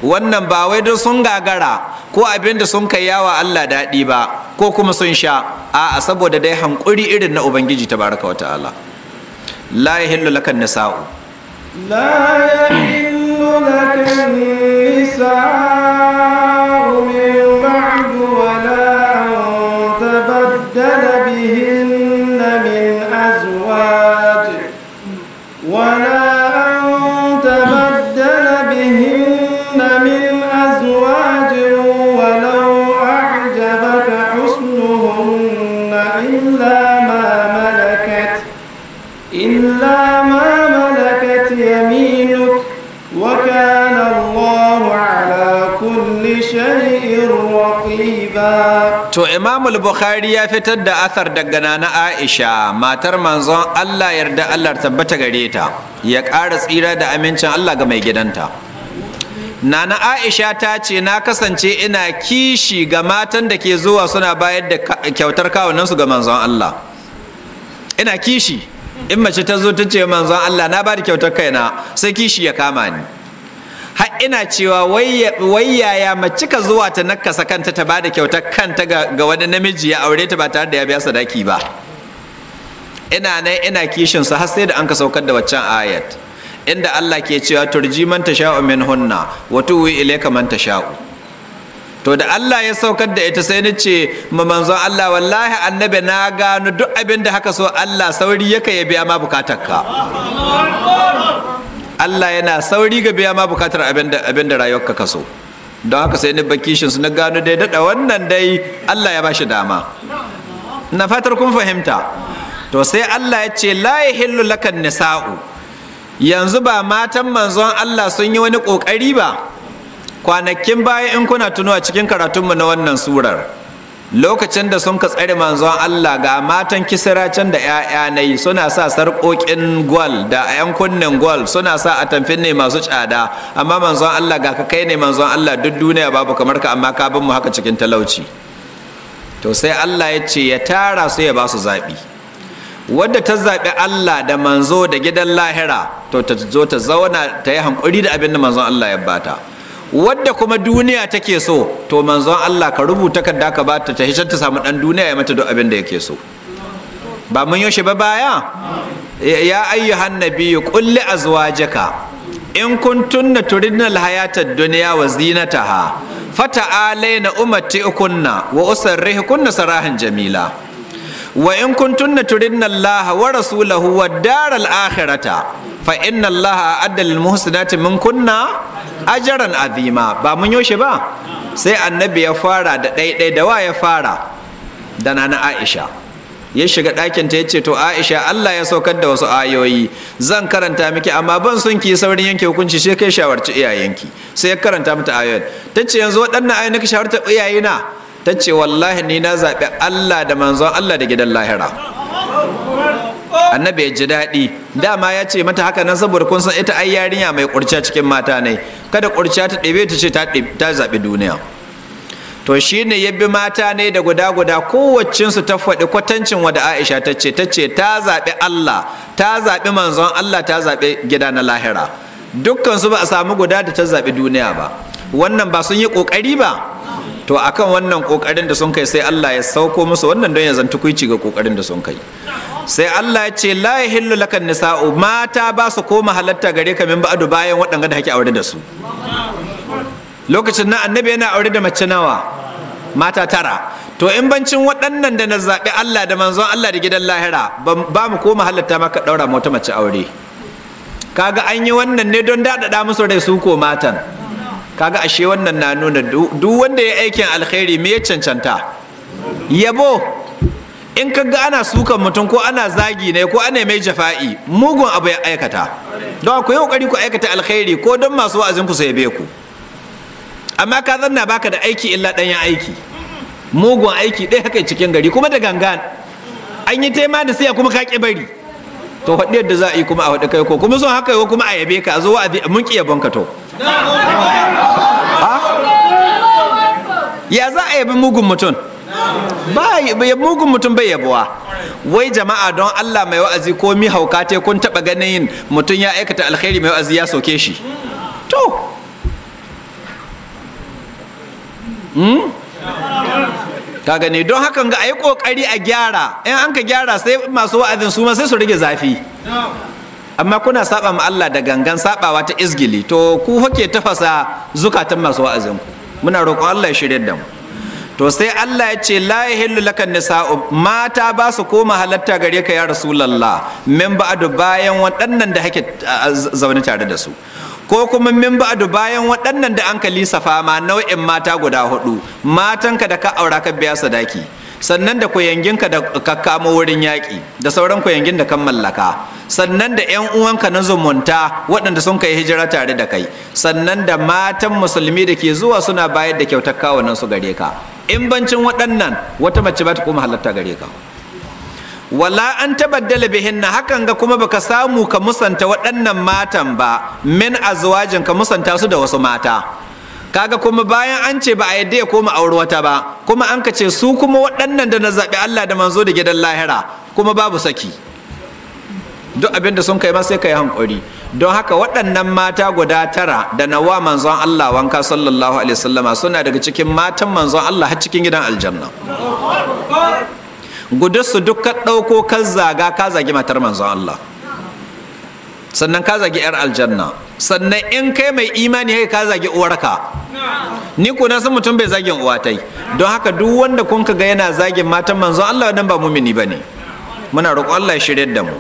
wannan ba wai don sun gagara ko abinda da sun kai yawa Allah daɗi ba ko kuma sun sha a'a saboda dai hankuri irin na ubangiji tabaraka wa ta'ala la hillu lakan nisa'u la hillu lakan nisa'u to Imamul bukhari ya fitar da athar daga nana aisha matar manzon allah yarda allah tabbata gare ta ya kara tsira da amincin allah ga mai gidanta nana aisha ta ce na kasance ina kishi ga matan da ke zuwa suna bayar da kyautar kawunansu ga manzon allah ina kishi in mace ta zo ta ce manzon allah na ba da kyautar kaina sai kishi ya kama ni har ina cewa wayyaya mace ka zuwa ta nakasa kanta ta bada kyauta kanta ga wani namiji ya aure ta ba tare da ya biya sadaki ba ina nan ina kishin su har sai da an ka saukar da waccan ayat inda Allah ke cewa turji man tasha'u min hunna wa tuwi ilayka man tasha'u to da Allah ya saukar da ita sai ni ce ma manzon Allah wallahi annabi na gano duk abin da haka so Allah sauri yaka ya biya ma bukatarka Allah yana sauri ga biya ma bukatar abin da rayuwarka ka so don haka sai ni bakishin su na gano dai daɗa wannan dai Allah ya ba shi dama na fatar kun fahimta to sai Allah ya ce la yahillu lakan nisa'u yanzu ba matan manzon Allah sun yi wani ƙoƙari ba kwanakin baya in kuna tuno a cikin karatunmu na wannan surar lokacin da sun ka tsare manzon Allah ga matan kisira can da ‘ya'ya na yi suna sa sarƙoƙin gwal da ‘yan kunnen gwal suna sa atamfin ne masu tsada amma manzon Allah ga ka kai ne manzon Allah duk duniya babu kamar ka amma ka bin mu haka cikin talauci to sai Allah ya ce ya tara su ya ba su zaɓi wadda ta zaɓi Allah da manzo da gidan lahira to ta zo ta zauna ta yi hankuri da abin da manzon Allah ya bata wadda kuma duniya take so to manzon Allah ka rubuta da, ka ba ta hishar ta samu dan duniya ya mata duk abin da yake so ba mun yoshe ba baya ya ayyuhan nabiyyu qul li azwajaka in kuntunna turidna hayata ad-dunya wa zinataha fata'alaina umatti'kunna wa usarrihkunna sarahan jamila wa in kuntunna turidna allaha wa rasulahu wa daral akhirata fa inna Allah mun lil muhsinati min kunna ajaran azima ba mun yoshe ba sai annabi ya fara da ɗaiɗai da wa ya fara da nana Aisha ya shiga ɗakin ta ya ce to Aisha Allah ya saukar da wasu ayoyi zan karanta miki amma ban sun ki saurin yanke hukunci sai kai shawarci iyayenki sai ya karanta mata ayoyin Ta ce yanzu waɗannan ayoyi nake shawarta iyayena Ta ce wallahi ni na zaɓi Allah da manzon Allah da gidan lahira annabi ya ji daɗi dama ya ce mata haka nan saboda kun san ita ai yarinya mai kurciya cikin mata ne kada kurciya ta ɗebe ta ce ta zaɓi duniya to shi ne ya bi mata ne da guda guda kowaccinsu ta faɗi kwatancin wada aisha ta ce ta ce ta zaɓi allah ta zaɓi manzon allah ta zaɓi gida na lahira dukkansu ba a samu guda da ta zaɓi duniya ba wannan ba sun yi ƙoƙari ba to akan wannan kokarin da sun kai sai Allah ya sauko musu wannan don ya zanta kuici ga kokarin da sun kai sai Allah ya ce la yahillu lakan nisa'u mata ba su koma halatta gare ka min ba'du bayan waɗanda da hake aure da su lokacin nan annabi yana aure da mace nawa mata tara to in bancin waɗannan da na zaɓi Allah da manzon Allah da gidan lahira ba mu koma halatta maka ɗaura mota mace aure kaga an yi wannan ne don daɗaɗa musu rai su ko matan kaga ashe wannan na nuna duk wanda ya aikin alkhairi me ya cancanta yabo in ka ga ana sukan mutum ko ana zagi ne ko ana mai jafa'i mugun abu ya aikata don ku yi kokari ku aikata alkhairi ko don masu wa'azin ku su yabe ku amma ka zanna baka da aiki illa ɗanyen aiki mugun aiki ɗaya haka cikin gari kuma da gangan an yi tema da sai kuma ka ki bari to faɗi yadda za a yi kuma a faɗi kai ko kuma son haka yau kuma a yabe ka a zo a mun ki yabon ka to ya za a yabi mugun mutum ba mugun mutum bai yabuwa wai jama'a don Allah mai wa'azi ko mi hauka te kun taɓa ganin mutum ya aikata alkhairi mai wa'azi ya soke shi to hmm? ka don hakan ga yi kokari a gyara in an ka gyara sai masu wa'azin su ma sai su rage zafi amma kuna saba ma Allah da gangan sabawa ta izgili to ku hoke tafasa zukatan masu wa'azin muna roƙon Allah ya shirye da mu to sai Allah ya ce la yahillu lakan nisa'u mata ba su koma halatta gare ka ya rasulullah min ba'du bayan waɗannan da hake zaune tare da su ko kuma min ba'du bayan waɗannan da an ka lisafa nau'in mata guda hudu matanka da ka aura ka biya sadaki sannan da kuyanginka da kakkamo wurin yaƙi da sauran kuyangin da kan mallaka sannan da 'yan uwanka na zumunta waɗanda sun kai hijira tare da kai sannan da matan musulmi da ke zuwa suna bayar da kyautar kawunan su gare ka in bancin waɗannan wata mace ba ta kuma halatta gare ka wala an tabaddala bihinna hakan ga kuma baka samu ka musanta waɗannan matan ba min azwajin ka musanta su da wasu mata kaga kuma bayan an ce ba a yadda ya koma auri wata ba kuma an ka ce su kuma waɗannan da na zaɓi Allah da manzo da gidan lahira kuma babu saki duk abinda sun kai ma sai ka yi hankuri don haka waɗannan mata guda tara da nawa manzon Allah wanka sallallahu alaihi wasallama suna daga cikin matan manzon Allah har cikin gidan aljanna gudunsu duk ka ɗauko kan zaga ka zagi matar manzon Allah sannan ka zagi yar aljanna sannan in kai mai imani kai ka zagi uwarka ni kuna san mutum bai zagin uwa tai don haka duk wanda kun ga yana zagin matan manzon Allah dan ba mumini bane muna roƙo Allah ya shirye da mu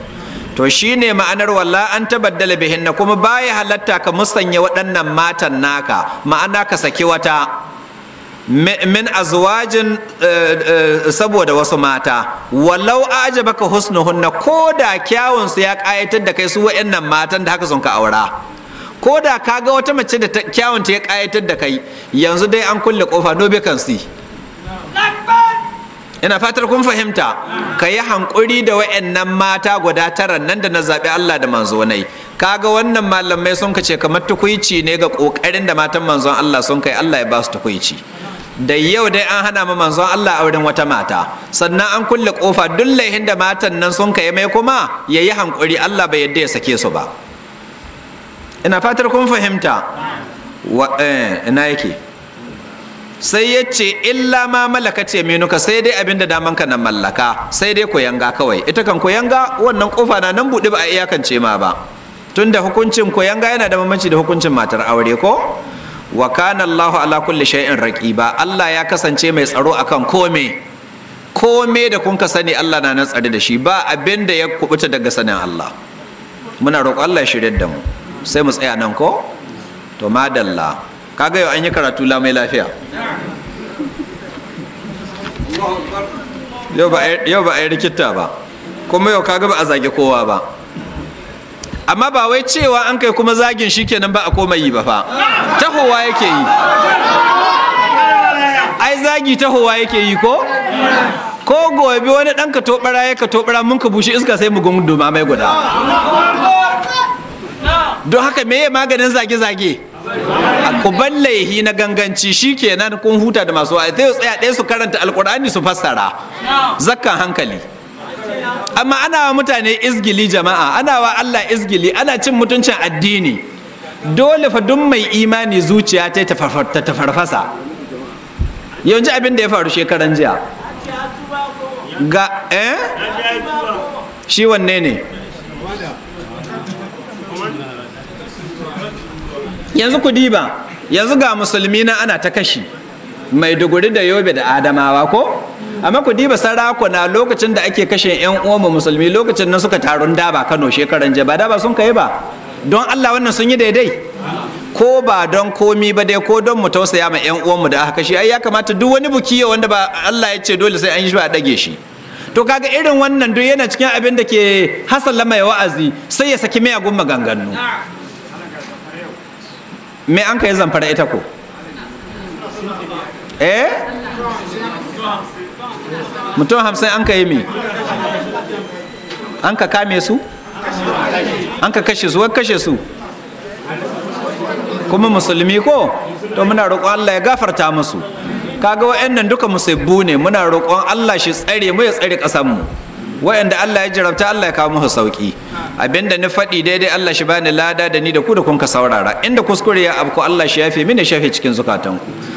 to shine ma'anar walla an tabaddala bihinna kuma baya halatta ka musanya waɗannan matan naka ma'ana ka saki wata min azwajin eh, eh, saboda wasu mata walau ajabaka husnuhunna ko da kyawun su ya kayatar da kai su wayannan matan da haka sun ka aura ko da kaga wata mace da kyawun ta ya kayatar da kai yanzu dai an kulle kofa no si?" ina fatar kun fahimta ka yi hankuri da wayannan mata guda tara nan da na zaɓi Allah da manzo nai kaga wannan malamai sun ka ce kamar tukuici ne ga ƙoƙarin da matan manzon Allah sun kai Allah ya ba su tukuici da yau dai an hana ma manzon Allah auren wata mata sannan an kulle kofa duk laihin da matan nan sun kai mai kuma yayi hankuri Allah bai yadda ya sake su ba ina fatar kun fahimta eh, ina yake sai yace illa ma malaka ce menuka sai dai abin da daman ka na mallaka sai dai koyanga kawai ita kan koyanga wannan kofa na nan buɗe ba a iyakance ma ba tunda hukuncin koyanga yana da mamanci da hukuncin matar aure ko wa kana Allahu ala kulli shay'in raqiba Allah ya kasance mai tsaro akan kome kome da kun ka sani Allah na nan tsare da shi ba abin da ya kubuta daga sanin Allah muna roƙo Allah ya shirye da mu sai mu tsaya nan ko to madalla kaga yau an yi karatu la mai lafiya yau ba a yi rikita ba kuma yau kaga ba a zage kowa ba amma ba wai cewa an kai kuma zagin shi kenan ba a komai yi ba fa tahowa yake yi ai zagi tahowa yake yi ko ko gobe wani ɗan ka tobara ya ka tobara mun ka bushe iska sai mu gunduma mai guda don haka meye maganin zage-zage a kuban laihi na ganganci shi kenan kun huta da masu wa'a sai tsaya ɗaya su karanta alkur'ani su fassara zakkan hankali amma ana wa mutane izgili jama'a ana wa Allah izgili ana cin mutuncin addini dole fa duk mai imani zuciya ta ta farfasa yanzu abin da ya faru shekaran jiya ga eh shi wanne ne yanzu ku diba yanzu ga musulmi na ana ta kashi mai duguri da yobe da adamawa ko amma ku diba na lokacin da ake kashe yan uwanmu musulmi lokacin nan suka taron daba Kano shekaran jiya ba ba sun kai ba don Allah wannan sun yi daidai ko ba don komi ba dai ko don mu tausaya ma yan mu da aka kashe ai ya kamata duk wani buki wanda ba Allah ya ce dole sai an yi shi ba dage shi to kaga irin wannan duk yana cikin abin da ke hasala mai wa'azi sai ya saki mayagun maganganu me an ka zamfara ita ko eh mutum hamsin an ka yi me an ka kame su an ka kashe su kashe su kuma musulmi ko to muna roƙon Allah ya gafarta musu kaga waɗannan duka musibbu ne muna roƙon Allah shi tsare mu ya tsare ƙasar mu waɗanda Allah ya jarabta Allah ya kawo musu sauki abinda ni faɗi daidai Allah shi bani lada da ni da ku da kun ka saurara inda kuskure ya abku Allah shi yafe mini shafe cikin zukatanku